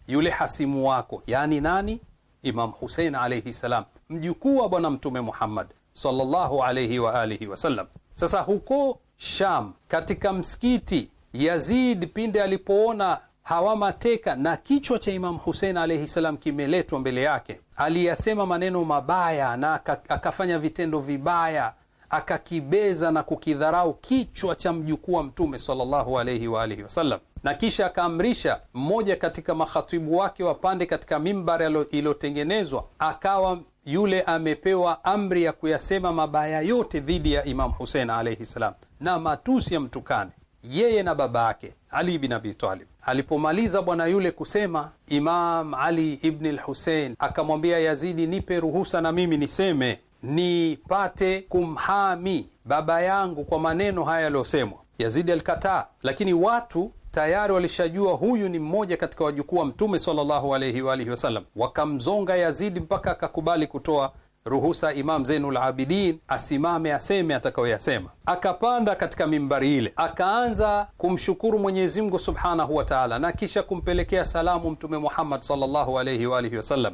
yule hasimu wako, yaani nani? Imam husein alaihi salam, mjukuu wa bwana Mtume Muhammad sallallahu alayhi wa alihi wasallam. Sasa huko Sham, katika msikiti Yazid, pinde alipoona hawamateka na kichwa cha Imam Husein alaihi salam kimeletwa mbele yake, aliyasema maneno mabaya na akafanya vitendo vibaya, akakibeza na kukidharau kichwa cha mjukuu wa Mtume sallallahu alaihi wa alihi wasallam na kisha akaamrisha mmoja katika makhatibu wake wapande katika mimbari iliyotengenezwa, akawa yule amepewa amri ya kuyasema mabaya yote dhidi ya Imam Husein alaihi ssalam, na matusi ya mtukane yeye na baba yake Ali bin Abi Talib. Alipomaliza bwana yule kusema, Imam Ali ibni Lhusein akamwambia Yazidi, nipe ruhusa na mimi niseme, nipate kumhami baba yangu kwa maneno haya yaliyosemwa. Yazidi alikataa, lakini watu tayari walishajua huyu ni mmoja katika wajukuu wa Mtume sallallahu wa alihi wasallam, wakamzonga Yazidi mpaka akakubali kutoa ruhusa Imam Zainul Abidin asimame aseme atakayoyasema. Akapanda katika mimbari ile akaanza kumshukuru Mwenyezi Mungu subhanahu wa taala, na kisha kumpelekea salamu Mtume Muhammad sallallahu wa alihi wasallam,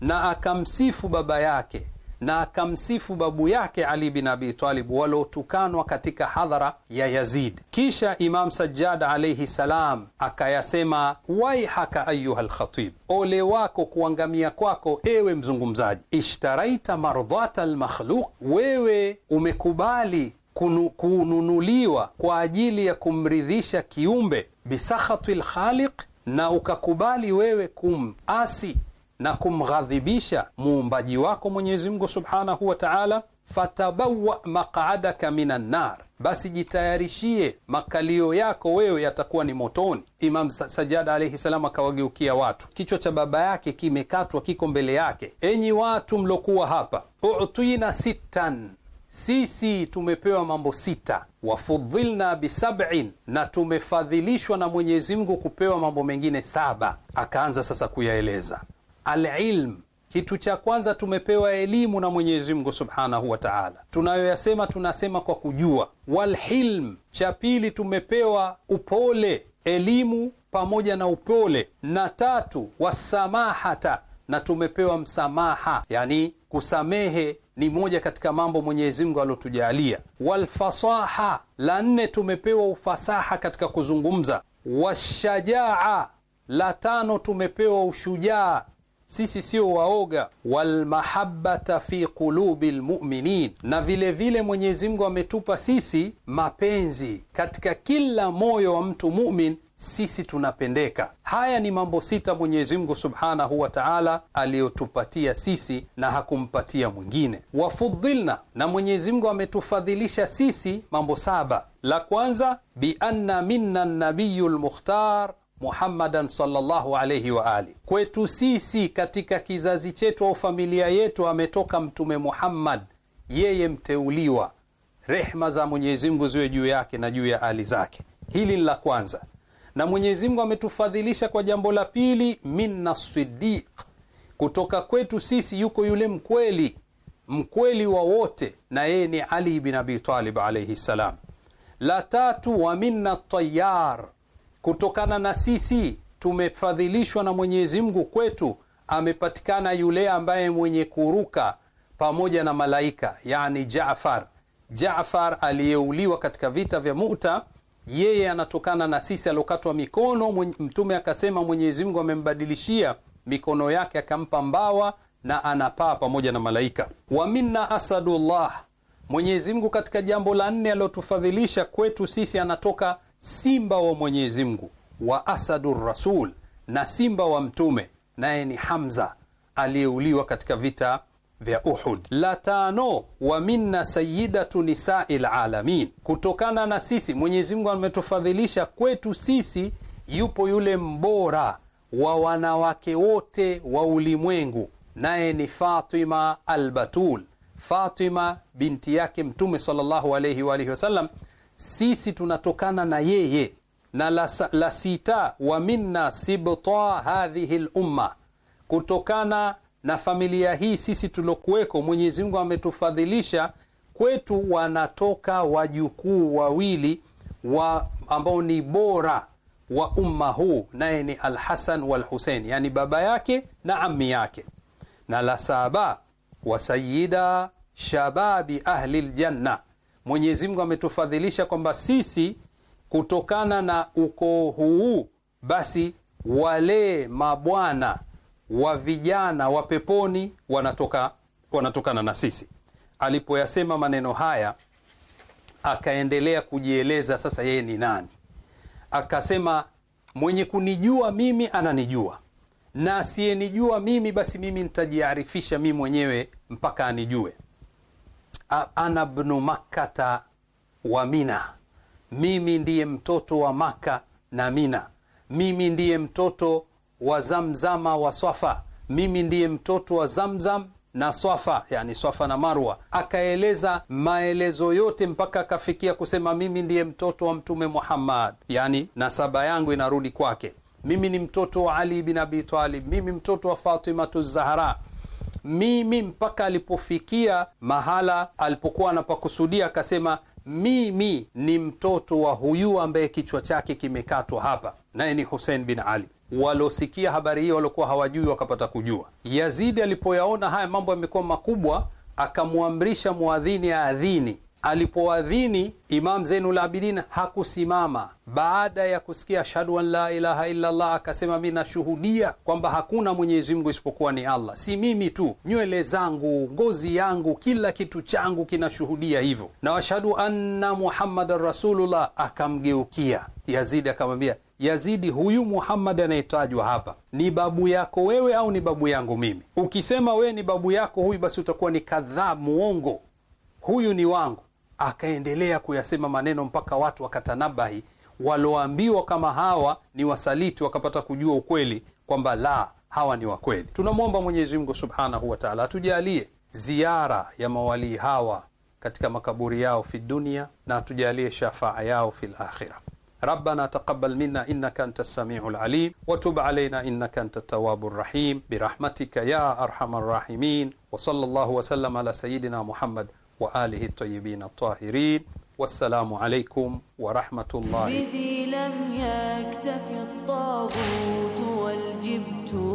na akamsifu baba yake na akamsifu babu yake Ali bin Abi Talib waliotukanwa katika hadhara ya Yazid. Kisha Imam Sajjad alaihi salam akayasema, waihaka ayuha lkhatib, ole wako kuangamia kwako ewe mzungumzaji. Ishtaraita mardhata lmakhluq, wewe umekubali kununuliwa kwa ajili ya kumridhisha kiumbe bisakhati lkhaliq, na ukakubali wewe kumasi na kumghadhibisha muumbaji wako Mwenyezi Mungu subhanahu wa taala, fatabawa maqadaka minan nar, basi jitayarishie makalio yako wewe yatakuwa ni motoni. Imam Sajada alaihi salam akawageukia watu, kichwa cha baba yake kimekatwa kiko mbele yake. Enyi watu mlokuwa hapa, utina sittan, sisi tumepewa mambo sita wafudhilna bisabin, na tumefadhilishwa na Mwenyezi Mungu kupewa mambo mengine saba. Akaanza sasa kuyaeleza alilm kitu cha kwanza tumepewa elimu na Mwenyezi Mungu Subhanahu wa Ta'ala, tunayoyasema tunasema kwa kujua. Walhilm, cha pili tumepewa upole, elimu pamoja na upole, na tatu wasamahata, na tumepewa msamaha, yani kusamehe ni moja katika mambo Mwenyezi Mungu aliotujalia. Walfasaha, la nne tumepewa ufasaha katika kuzungumza. Washajaa, la tano tumepewa ushujaa sisi sio waoga. Walmahabbata fi qulubi lmuminin, na vilevile Mwenyezi Mungu ametupa sisi mapenzi katika kila moyo wa mtu mumin sisi tunapendeka. Haya ni mambo sita Mwenyezi Mungu subhanahu wa taala aliyotupatia sisi na hakumpatia mwingine. Wafudhilna, na Mwenyezi Mungu ametufadhilisha sisi mambo saba. La kwanza, bianna minna nabiyu lmukhtar Muhammadan sallallahu alayhi wa ali. Kwetu sisi katika kizazi chetu au familia yetu ametoka Mtume Muhammad, yeye mteuliwa, rehma za Mwenyezi Mungu ziwe juu yake na juu ya ali zake. Hili ni la kwanza, na Mwenyezi Mungu ametufadhilisha kwa jambo la pili, minna sidiq, kutoka kwetu sisi yuko yule mkweli, mkweli wa wote, na yeye ni Ali bin Abi Talib alayhi salam. La tatu, wa minna tayar kutokana na sisi tumefadhilishwa na Mwenyezi Mungu, kwetu amepatikana yule ambaye mwenye kuruka pamoja na malaika, yani Jaafar. Jaafar aliyeuliwa katika vita vya Muta, yeye anatokana na sisi, aliokatwa mikono. Mtume akasema Mwenyezi Mungu amembadilishia mikono yake akampa mbawa na anapaa pamoja na malaika. Wa minna asadullah, Mwenyezi Mungu katika jambo la nne aliotufadhilisha kwetu sisi anatoka simba wa Mwenyezi Mungu wa asadu rasul, na simba wa mtume naye ni Hamza aliyeuliwa katika vita vya Uhud. La tano, wa minna sayidatu nisai lalamin, kutokana na sisi Mwenyezi Mungu ametufadhilisha kwetu sisi yupo yule mbora wa wanawake wote wa ulimwengu naye ni Fatima Albatul, Fatima binti yake Mtume sallallahu alayhi wa alihi wasallam sisi tunatokana na yeye na la, la sita wa minna sibta hadhihi lumma, kutokana na familia hii sisi tuliokuweko, Mwenyezi Mungu ametufadhilisha kwetu wanatoka wajukuu wawili wa ambao ni bora wa umma huu, naye ni Alhasan walhusein, yani baba yake na ami yake. Na la saba wasayida shababi ahli ljanna Mwenyezi Mungu ametufadhilisha kwamba sisi kutokana na ukoo huu, basi wale mabwana wa vijana wa peponi wanatoka wanatokana na sisi. Alipoyasema maneno haya, akaendelea kujieleza sasa yeye ni nani. Akasema, mwenye kunijua mimi ananijua, na asiyenijua mimi basi mimi nitajiarifisha mimi mwenyewe mpaka anijue ana bnu makkata wa mina, mimi ndiye mtoto wa Maka na Mina, mimi ndiye mtoto wa Zamzama wa Swafa, mimi ndiye mtoto wa Zamzam na Swafa, yani Swafa na Marwa. Akaeleza maelezo yote mpaka akafikia kusema mimi ndiye mtoto wa Mtume Muhammad, yani nasaba yangu inarudi kwake. Mimi ni mtoto wa Ali bin Abi Talib, mimi mtoto wa Fatimatu Zahra mimi mpaka alipofikia mahala alipokuwa anapakusudia, akasema mimi ni mtoto wa huyu ambaye kichwa chake kimekatwa hapa, naye ni Husein bin Ali. Waliosikia habari hiyo waliokuwa hawajui wakapata kujua. Yazidi alipoyaona haya mambo yamekuwa makubwa, akamwamrisha mwadhini aadhini alipowadhini Imam Zainul Abidin hakusimama baada ya kusikia ashhadu an la ilaha illa akasema mi nashuhudia kwamba hakuna Mwenyezi Mungu isipokuwa ni Allah. Si mimi tu, nywele zangu, ngozi yangu, kila kitu changu kinashuhudia hivyo, na washhadu anna Muhammadan Rasulullah. Akamgeukia Yazidi akamwambia, Yazidi, huyu Muhammad anayetajwa hapa ni babu yako wewe au ni babu yangu mimi? Ukisema wewe ni babu yako huyu, basi utakuwa ni kadhaa, muongo. Huyu ni wangu akaendelea kuyasema maneno mpaka watu wakatanabahi, walioambiwa kama hawa ni wasaliti wakapata kujua ukweli kwamba la, hawa ni wakweli. Tunamwomba Mwenyezi Mungu subhanahu wa taala atujalie ziara ya mawalii hawa katika makaburi yao fi dunia na atujalie shafaa yao fi lakhira. Rabbana taqabbal minna innaka anta samiu lalim watub alaina innaka anta tawabu rahim birahmatika ya arhamar rahimin wa sallallahu wasallam ala sayidina Muhammad wa alihi tayyibin tahirin. Wassalamu alaykum wa rahmatullahi bidhi lam yaktafi at-taghut wal jibtu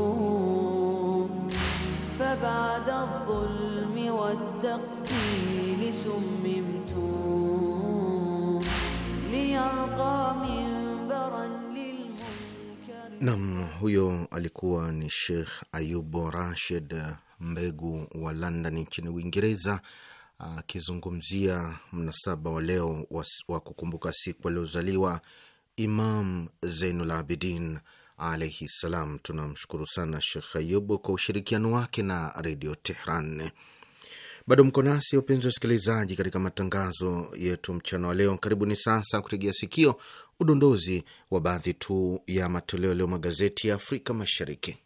fab'ada adh-dhulmi wat-taqtil summimtu liyarqa min Nam, huyo alikuwa ni Sheikh Ayubu Rashid Mbegu wa London nchini Uingereza akizungumzia mnasaba wa leo wa kukumbuka siku aliozaliwa Imam Zeinul Abidin alaihi ssalam. Tunamshukuru sana Shekh Ayubu kwa ushirikiano wake na Redio Tehran. Bado mko nasi wapenzi wa wasikilizaji, katika matangazo yetu mchana wa leo. Karibuni sasa kutegea sikio udondozi wa baadhi tu ya matoleo leo magazeti ya Afrika Mashariki.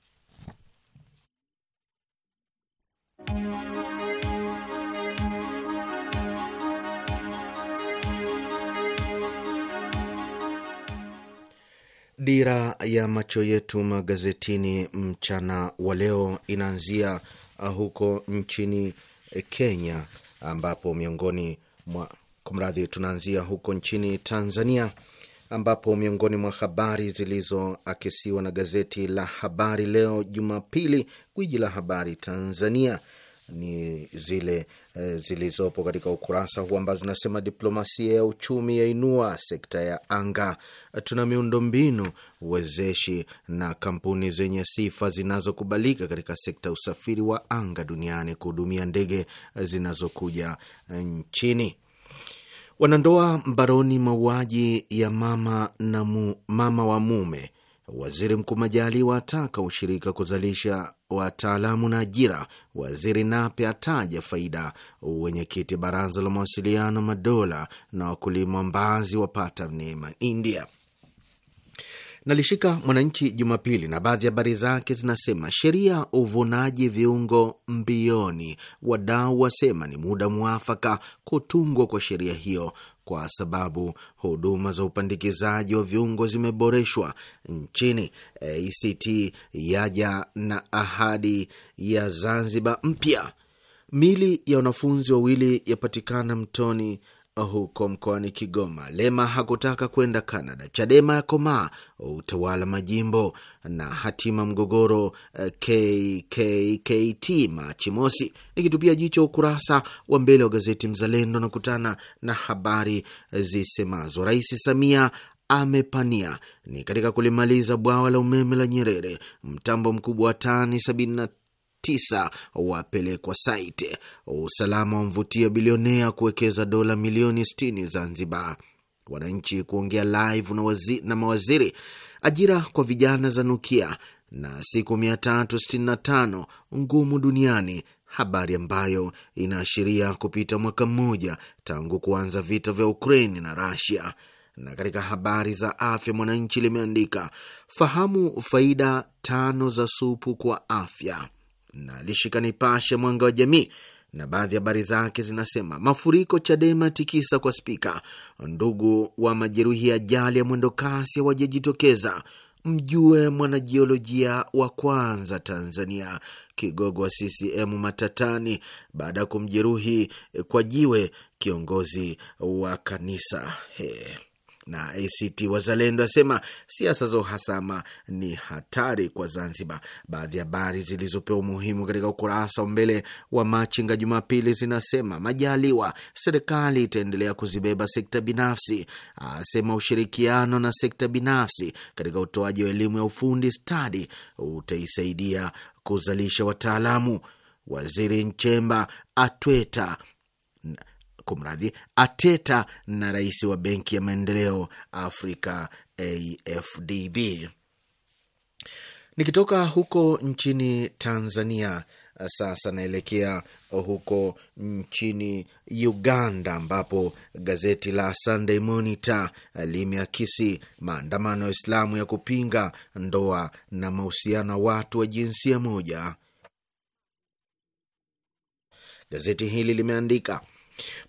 Dira ya macho yetu magazetini mchana wa leo inaanzia uh, huko nchini eh, Kenya, ambapo miongoni mwa kumradhi, tunaanzia huko nchini Tanzania, ambapo miongoni mwa habari zilizoakisiwa na gazeti la Habari Leo Jumapili, gwiji la habari Tanzania ni zile e, zilizopo katika ukurasa huu ambazo zinasema diplomasia ya uchumi yainua sekta ya anga, tuna miundombinu uwezeshi na kampuni zenye sifa zinazokubalika katika sekta ya usafiri wa anga duniani kuhudumia ndege zinazokuja eh, nchini. Wanandoa mbaroni mauaji ya mama na mu, mama wa mume Waziri Mkuu Majaliwa ataka ushirika kuzalisha wataalamu na ajira. Waziri Nape ataja faida. Wenyekiti baraza la mawasiliano madola na wakulima mbaazi wapata neema India. Nalishika Mwananchi Jumapili na baadhi ya habari zake zinasema: sheria uvunaji viungo mbioni, wadau wasema ni muda mwafaka kutungwa kwa sheria hiyo kwa sababu huduma za upandikizaji wa viungo zimeboreshwa nchini. ACT yaja na ahadi ya Zanzibar mpya. Mili ya wanafunzi wawili yapatikana mtoni huko mkoani Kigoma. Lema hakutaka kwenda canada Chadema ya komaa utawala majimbo, na hatima mgogoro eh, KKKT. Machi mosi nikitupia jicho ukurasa wa mbele wa gazeti Mzalendo nakutana na habari zisemazo Rais Samia amepania ni katika kulimaliza bwawa la umeme la Nyerere, mtambo mkubwa wa tani sabini na tisa wapelekwa Site. Usalama wamvutia bilionea kuwekeza dola milioni sitini Zanzibar. Wananchi kuongea live na, wazi, na mawaziri. Ajira kwa vijana za nukia na siku 365 ngumu duniani, habari ambayo inaashiria kupita mwaka mmoja tangu kuanza vita vya Ukraini na Rasia. Na katika habari za afya, Mwananchi limeandika fahamu faida tano za supu kwa afya na lishika Nipashe, Mwanga wa Jamii, na baadhi ya habari zake zinasema: mafuriko Chadema tikisa kwa spika, ndugu wa majeruhi ajali ya mwendokasi wajajitokeza, mjue mwanajiolojia wa kwanza Tanzania, kigogo wa CCM matatani baada ya kumjeruhi kwa jiwe kiongozi wa kanisa. Hey na ACT Wazalendo asema siasa za uhasama ni hatari kwa Zanzibar. Baadhi ya habari zilizopewa umuhimu katika ukurasa wa mbele wa Machinga Jumapili zinasema Majaliwa, serikali itaendelea kuzibeba sekta binafsi, asema ushirikiano na sekta binafsi katika utoaji wa elimu ya ufundi stadi utaisaidia kuzalisha wataalamu. Waziri Nchemba atweta kumradhi, Ateta na rais wa Benki ya Maendeleo Afrika AFDB. Nikitoka huko nchini Tanzania, eh, sasa naelekea huko nchini Uganda, ambapo gazeti la Sunday Monitor eh, limeakisi maandamano ya islamu ya kupinga ndoa na mahusiano ya watu wa jinsia moja. Gazeti hili limeandika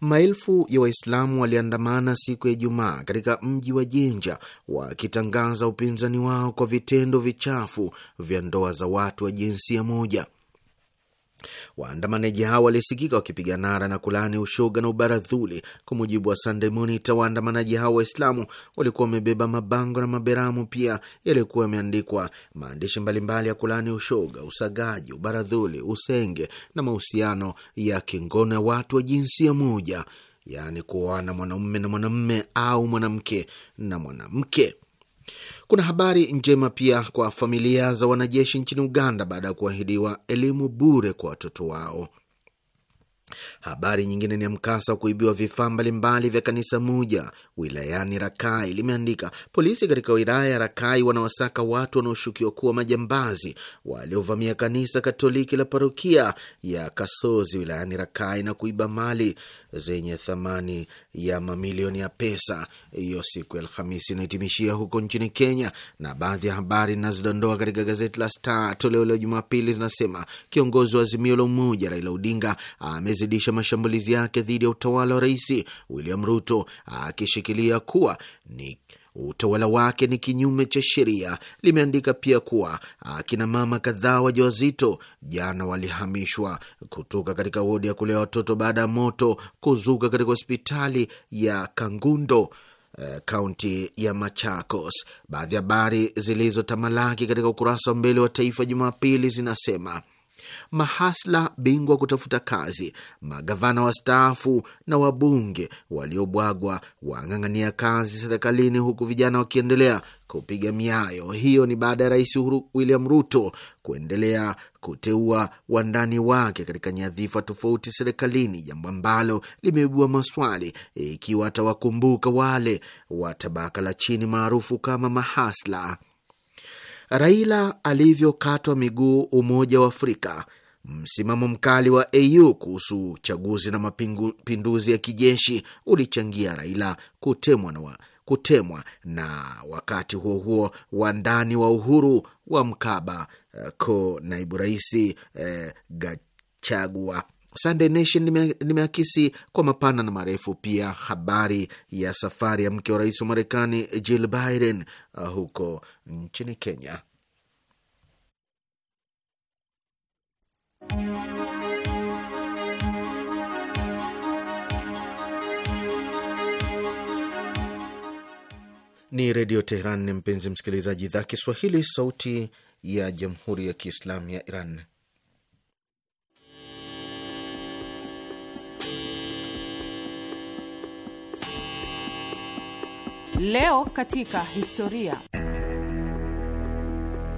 Maelfu ya Waislamu waliandamana siku ya Ijumaa katika mji wa Jinja wakitangaza upinzani wao kwa vitendo vichafu vya ndoa za watu wa jinsia moja. Waandamanaji hao walisikika wakipiga nara na kulaani ushoga na ubaradhuli. Kwa mujibu wa Sunday Monitor, waandamanaji hao Waislamu walikuwa wamebeba mabango na maberamu pia yaliyokuwa yameandikwa maandishi mbalimbali ya kulaani ushoga, usagaji, ubaradhuli, usenge na mahusiano ya kingono ya watu wa jinsia moja, yaani kuoana mwanaume na mwanamme au mwanamke na mwanamke. Kuna habari njema pia kwa familia za wanajeshi nchini Uganda baada ya kuahidiwa elimu bure kwa watoto wao. Habari nyingine ni ya mkasa wa kuibiwa vifaa mbalimbali vya kanisa moja wilayani Rakai. Limeandika polisi katika wilaya ya Rakai wanawasaka watu wanaoshukiwa kuwa majambazi waliovamia kanisa Katoliki la parokia ya Kasozi wilayani Rakai na kuiba mali zenye thamani ya mamilioni ya pesa hiyo siku ya Alhamisi. Inahitimishia huko nchini Kenya, na baadhi ya habari inazodondoa katika gazeti la Star toleo la Jumapili zinasema kiongozi wa Azimio la Umoja Raila Odinga amezidisha mashambulizi yake dhidi ya utawala wa Rais William Ruto akishikilia kuwa ni utawala wake ni kinyume cha sheria. Limeandika pia kuwa akina mama kadhaa wajawazito jana walihamishwa kutoka katika wodi ya kulea watoto baada ya moto kuzuka katika hospitali ya Kangundo eh, kaunti ya Machakos. Baadhi ya habari zilizotamalaki katika ukurasa wa mbele wa Taifa Jumapili zinasema mahasla bingwa kutafuta kazi, magavana wastaafu na wabunge waliobwagwa wang'ang'ania kazi serikalini, huku vijana wakiendelea kupiga miayo. Hiyo ni baada ya Rais William Ruto kuendelea kuteua wandani wake katika nyadhifa tofauti serikalini, jambo ambalo limeibua maswali ikiwa atawakumbuka wale wa tabaka la chini maarufu kama mahasla. Raila alivyokatwa miguu Umoja wa Afrika, msimamo mkali wa AU kuhusu chaguzi na mapinduzi ya kijeshi ulichangia Raila kutemwa na wa, kutemwa na wakati huo huo wa ndani wa uhuru wa Mkaba eh, ko naibu rais eh, Gachagua Sunday Nation limeakisi kwa mapana na marefu pia habari ya safari ya mke wa rais wa Marekani Jill Biden uh, huko nchini Kenya. Ni Redio Teheran, mpenzi msikilizaji, idhaa Kiswahili, sauti ya Jamhuri ya Kiislamu ya Iran. Leo katika historia.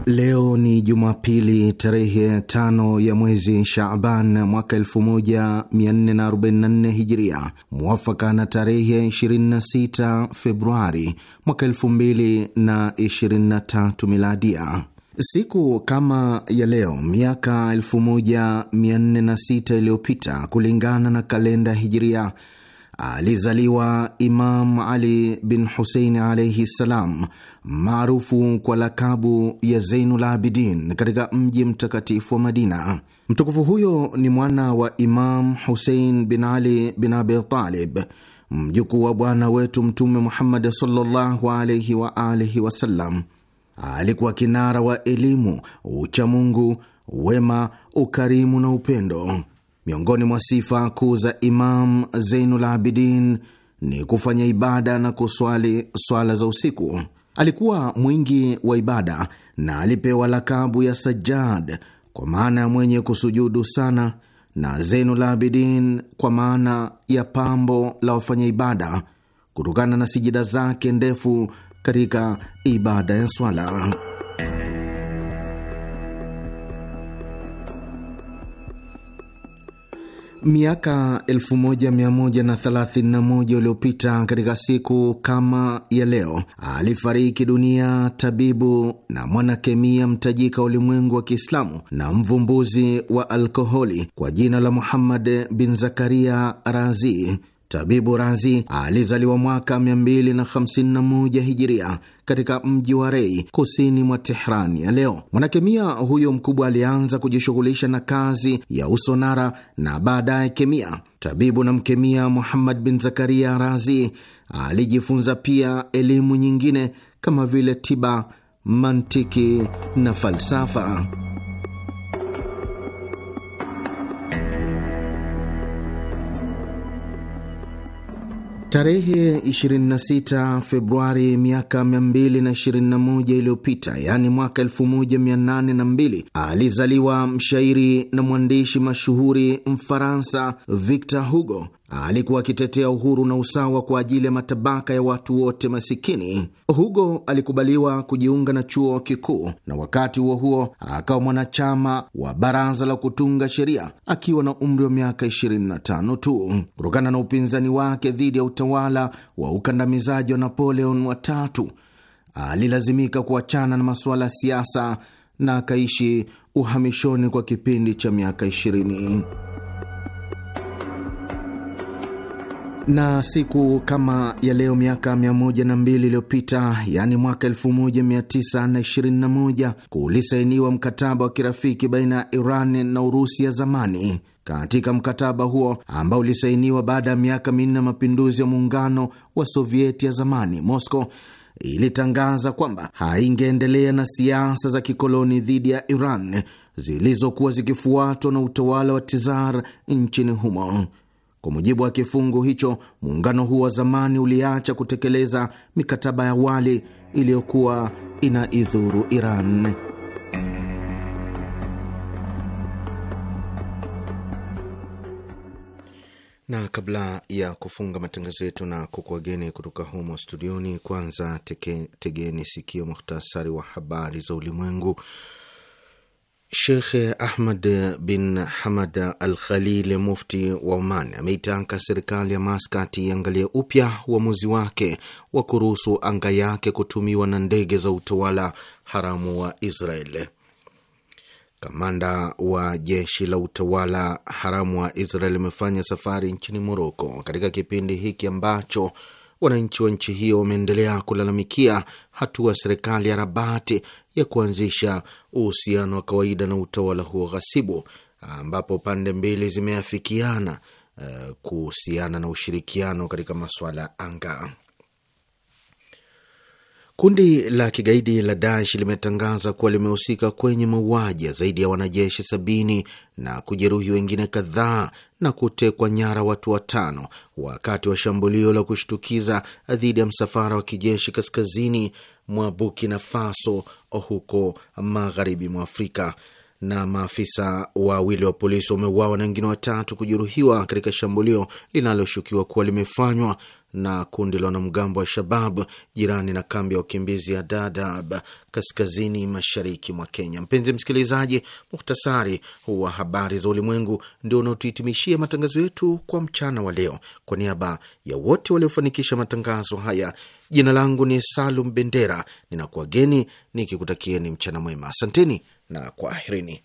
Leo ni Jumapili tarehe tano ya mwezi shaban mwaka 1444 Hijiria, mwafaka na tarehe 26 Februari mwaka 2023 Miladia. Siku kama ya leo miaka 1406 iliyopita kulingana na kalenda Hijiria alizaliwa Imam Ali bin Husein alaihi ssalam, maarufu kwa lakabu ya Zeinul Abidin, katika mji mtakatifu wa Madina. Mtukufu huyo ni mwana wa Imam Husein bin Ali bin Abi Talib, mjukuu wa bwana wetu Mtume Muhammad sallallahu alaihi wa alihi wasallam. Alikuwa kinara wa elimu, uchamungu, wema, ukarimu na upendo. Miongoni mwa sifa kuu za Imam Zeinul Abidin ni kufanya ibada na kuswali swala za usiku. Alikuwa mwingi wa ibada na alipewa lakabu ya Sajjad kwa maana ya mwenye kusujudu sana, na Zeinul Abidin kwa maana ya pambo la wafanya ibada kutokana na sijida zake ndefu katika ibada ya swala. Miaka 1131 uliopita katika siku kama ya leo alifariki dunia tabibu na mwanakemia mtajika ulimwengu wa Kiislamu na mvumbuzi wa alkoholi kwa jina la Muhammad bin Zakaria Razi. Tabibu Razi alizaliwa mwaka 251 hijiria katika mji wa Rei kusini mwa tehran ya leo. Mwanakemia huyo mkubwa alianza kujishughulisha na kazi ya usonara na baadaye kemia. Tabibu na mkemia Muhammad bin Zakaria Razi alijifunza pia elimu nyingine kama vile tiba, mantiki na falsafa. Tarehe 26 Februari miaka 221 iliyopita, yaani mwaka 1802, alizaliwa mshairi na mwandishi mashuhuri Mfaransa Victor Hugo alikuwa akitetea uhuru na usawa kwa ajili ya matabaka ya watu wote masikini. Hugo alikubaliwa kujiunga na chuo kikuu na wakati huo huo akawa mwanachama wa baraza la kutunga sheria akiwa na umri wa miaka 25 tu. Kutokana na upinzani wake dhidi ya utawala wa ukandamizaji wa Napoleon watatu, alilazimika kuachana na masuala ya siasa na akaishi uhamishoni kwa kipindi cha miaka 20. na siku kama ya leo miaka 102 iliyopita, yaani mwaka 1921 kulisainiwa mkataba wa kirafiki baina ya Iran na Urusi ya zamani. Katika mkataba huo ambao ulisainiwa baada ya miaka minne ya mapinduzi ya muungano wa Sovieti ya zamani, Moscow ilitangaza kwamba haingeendelea na siasa za kikoloni dhidi ya Iran zilizokuwa zikifuatwa na utawala wa Tizar nchini humo. Kwa mujibu wa kifungu hicho, muungano huo wa zamani uliacha kutekeleza mikataba ya awali iliyokuwa inaidhuru Iran. na kabla ya kufunga matangazo yetu na kukuageni kutoka humo studioni, kwanza tegeni sikio muhtasari wa habari za ulimwengu shekh Ahmad bin Hamad al Khalil, mufti wa Oman, ameitaka serikali ya Maskati iangalie upya uamuzi wake wa kuruhusu anga yake kutumiwa na ndege za utawala haramu wa Israel. Kamanda wa jeshi la utawala haramu wa Israel amefanya safari nchini Moroko katika kipindi hiki ambacho wananchi wa nchi hiyo wameendelea kulalamikia hatua ya serikali ya Rabati ya kuanzisha uhusiano wa kawaida na utawala huo ghasibu, ambapo pande mbili zimeafikiana eh, kuhusiana na ushirikiano katika masuala ya anga. Kundi la kigaidi la Daesh limetangaza kuwa limehusika kwenye mauaji ya zaidi ya wanajeshi sabini na kujeruhi wengine kadhaa na kutekwa nyara watu watano wakati wa shambulio la kushtukiza dhidi ya msafara wa kijeshi kaskazini mwa Burkina Faso huko magharibi mwa Afrika. Na maafisa wawili wa polisi wameuawa na wengine watatu kujeruhiwa katika shambulio linaloshukiwa kuwa limefanywa na kundi la wanamgambo wa Shabab jirani na kambi ya wakimbizi ya Dadaab kaskazini mashariki mwa Kenya. Mpenzi msikilizaji, muhtasari huu wa habari za ulimwengu ndio unaotuhitimishia matangazo yetu kwa mchana wa leo. Kwa niaba ya wote waliofanikisha matangazo haya, jina langu ni Salum Bendera, ninakuwageni nikikutakieni mchana mwema. Asanteni na kwaherini.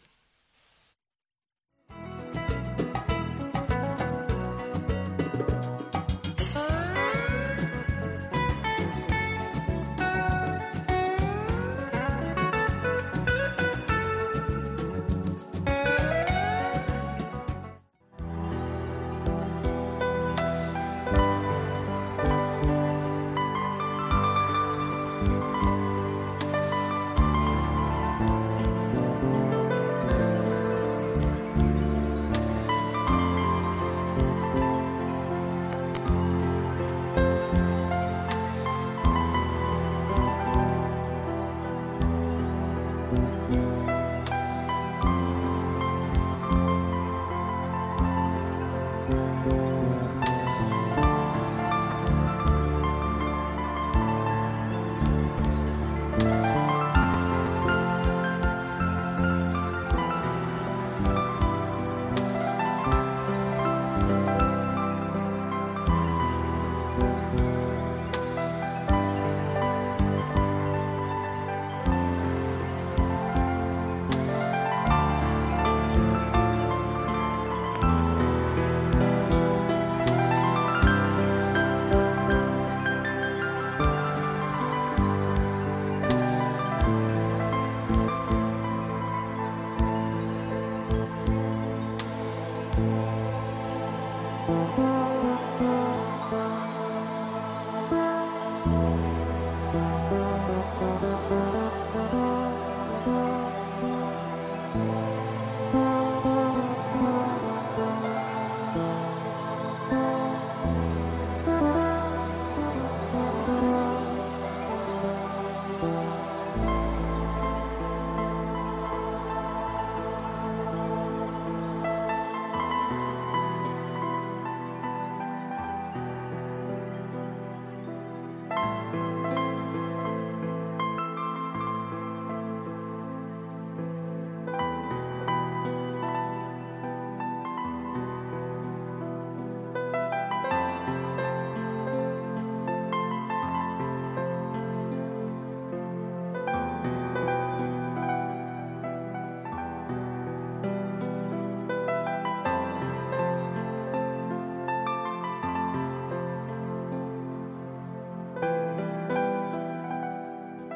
Thank you.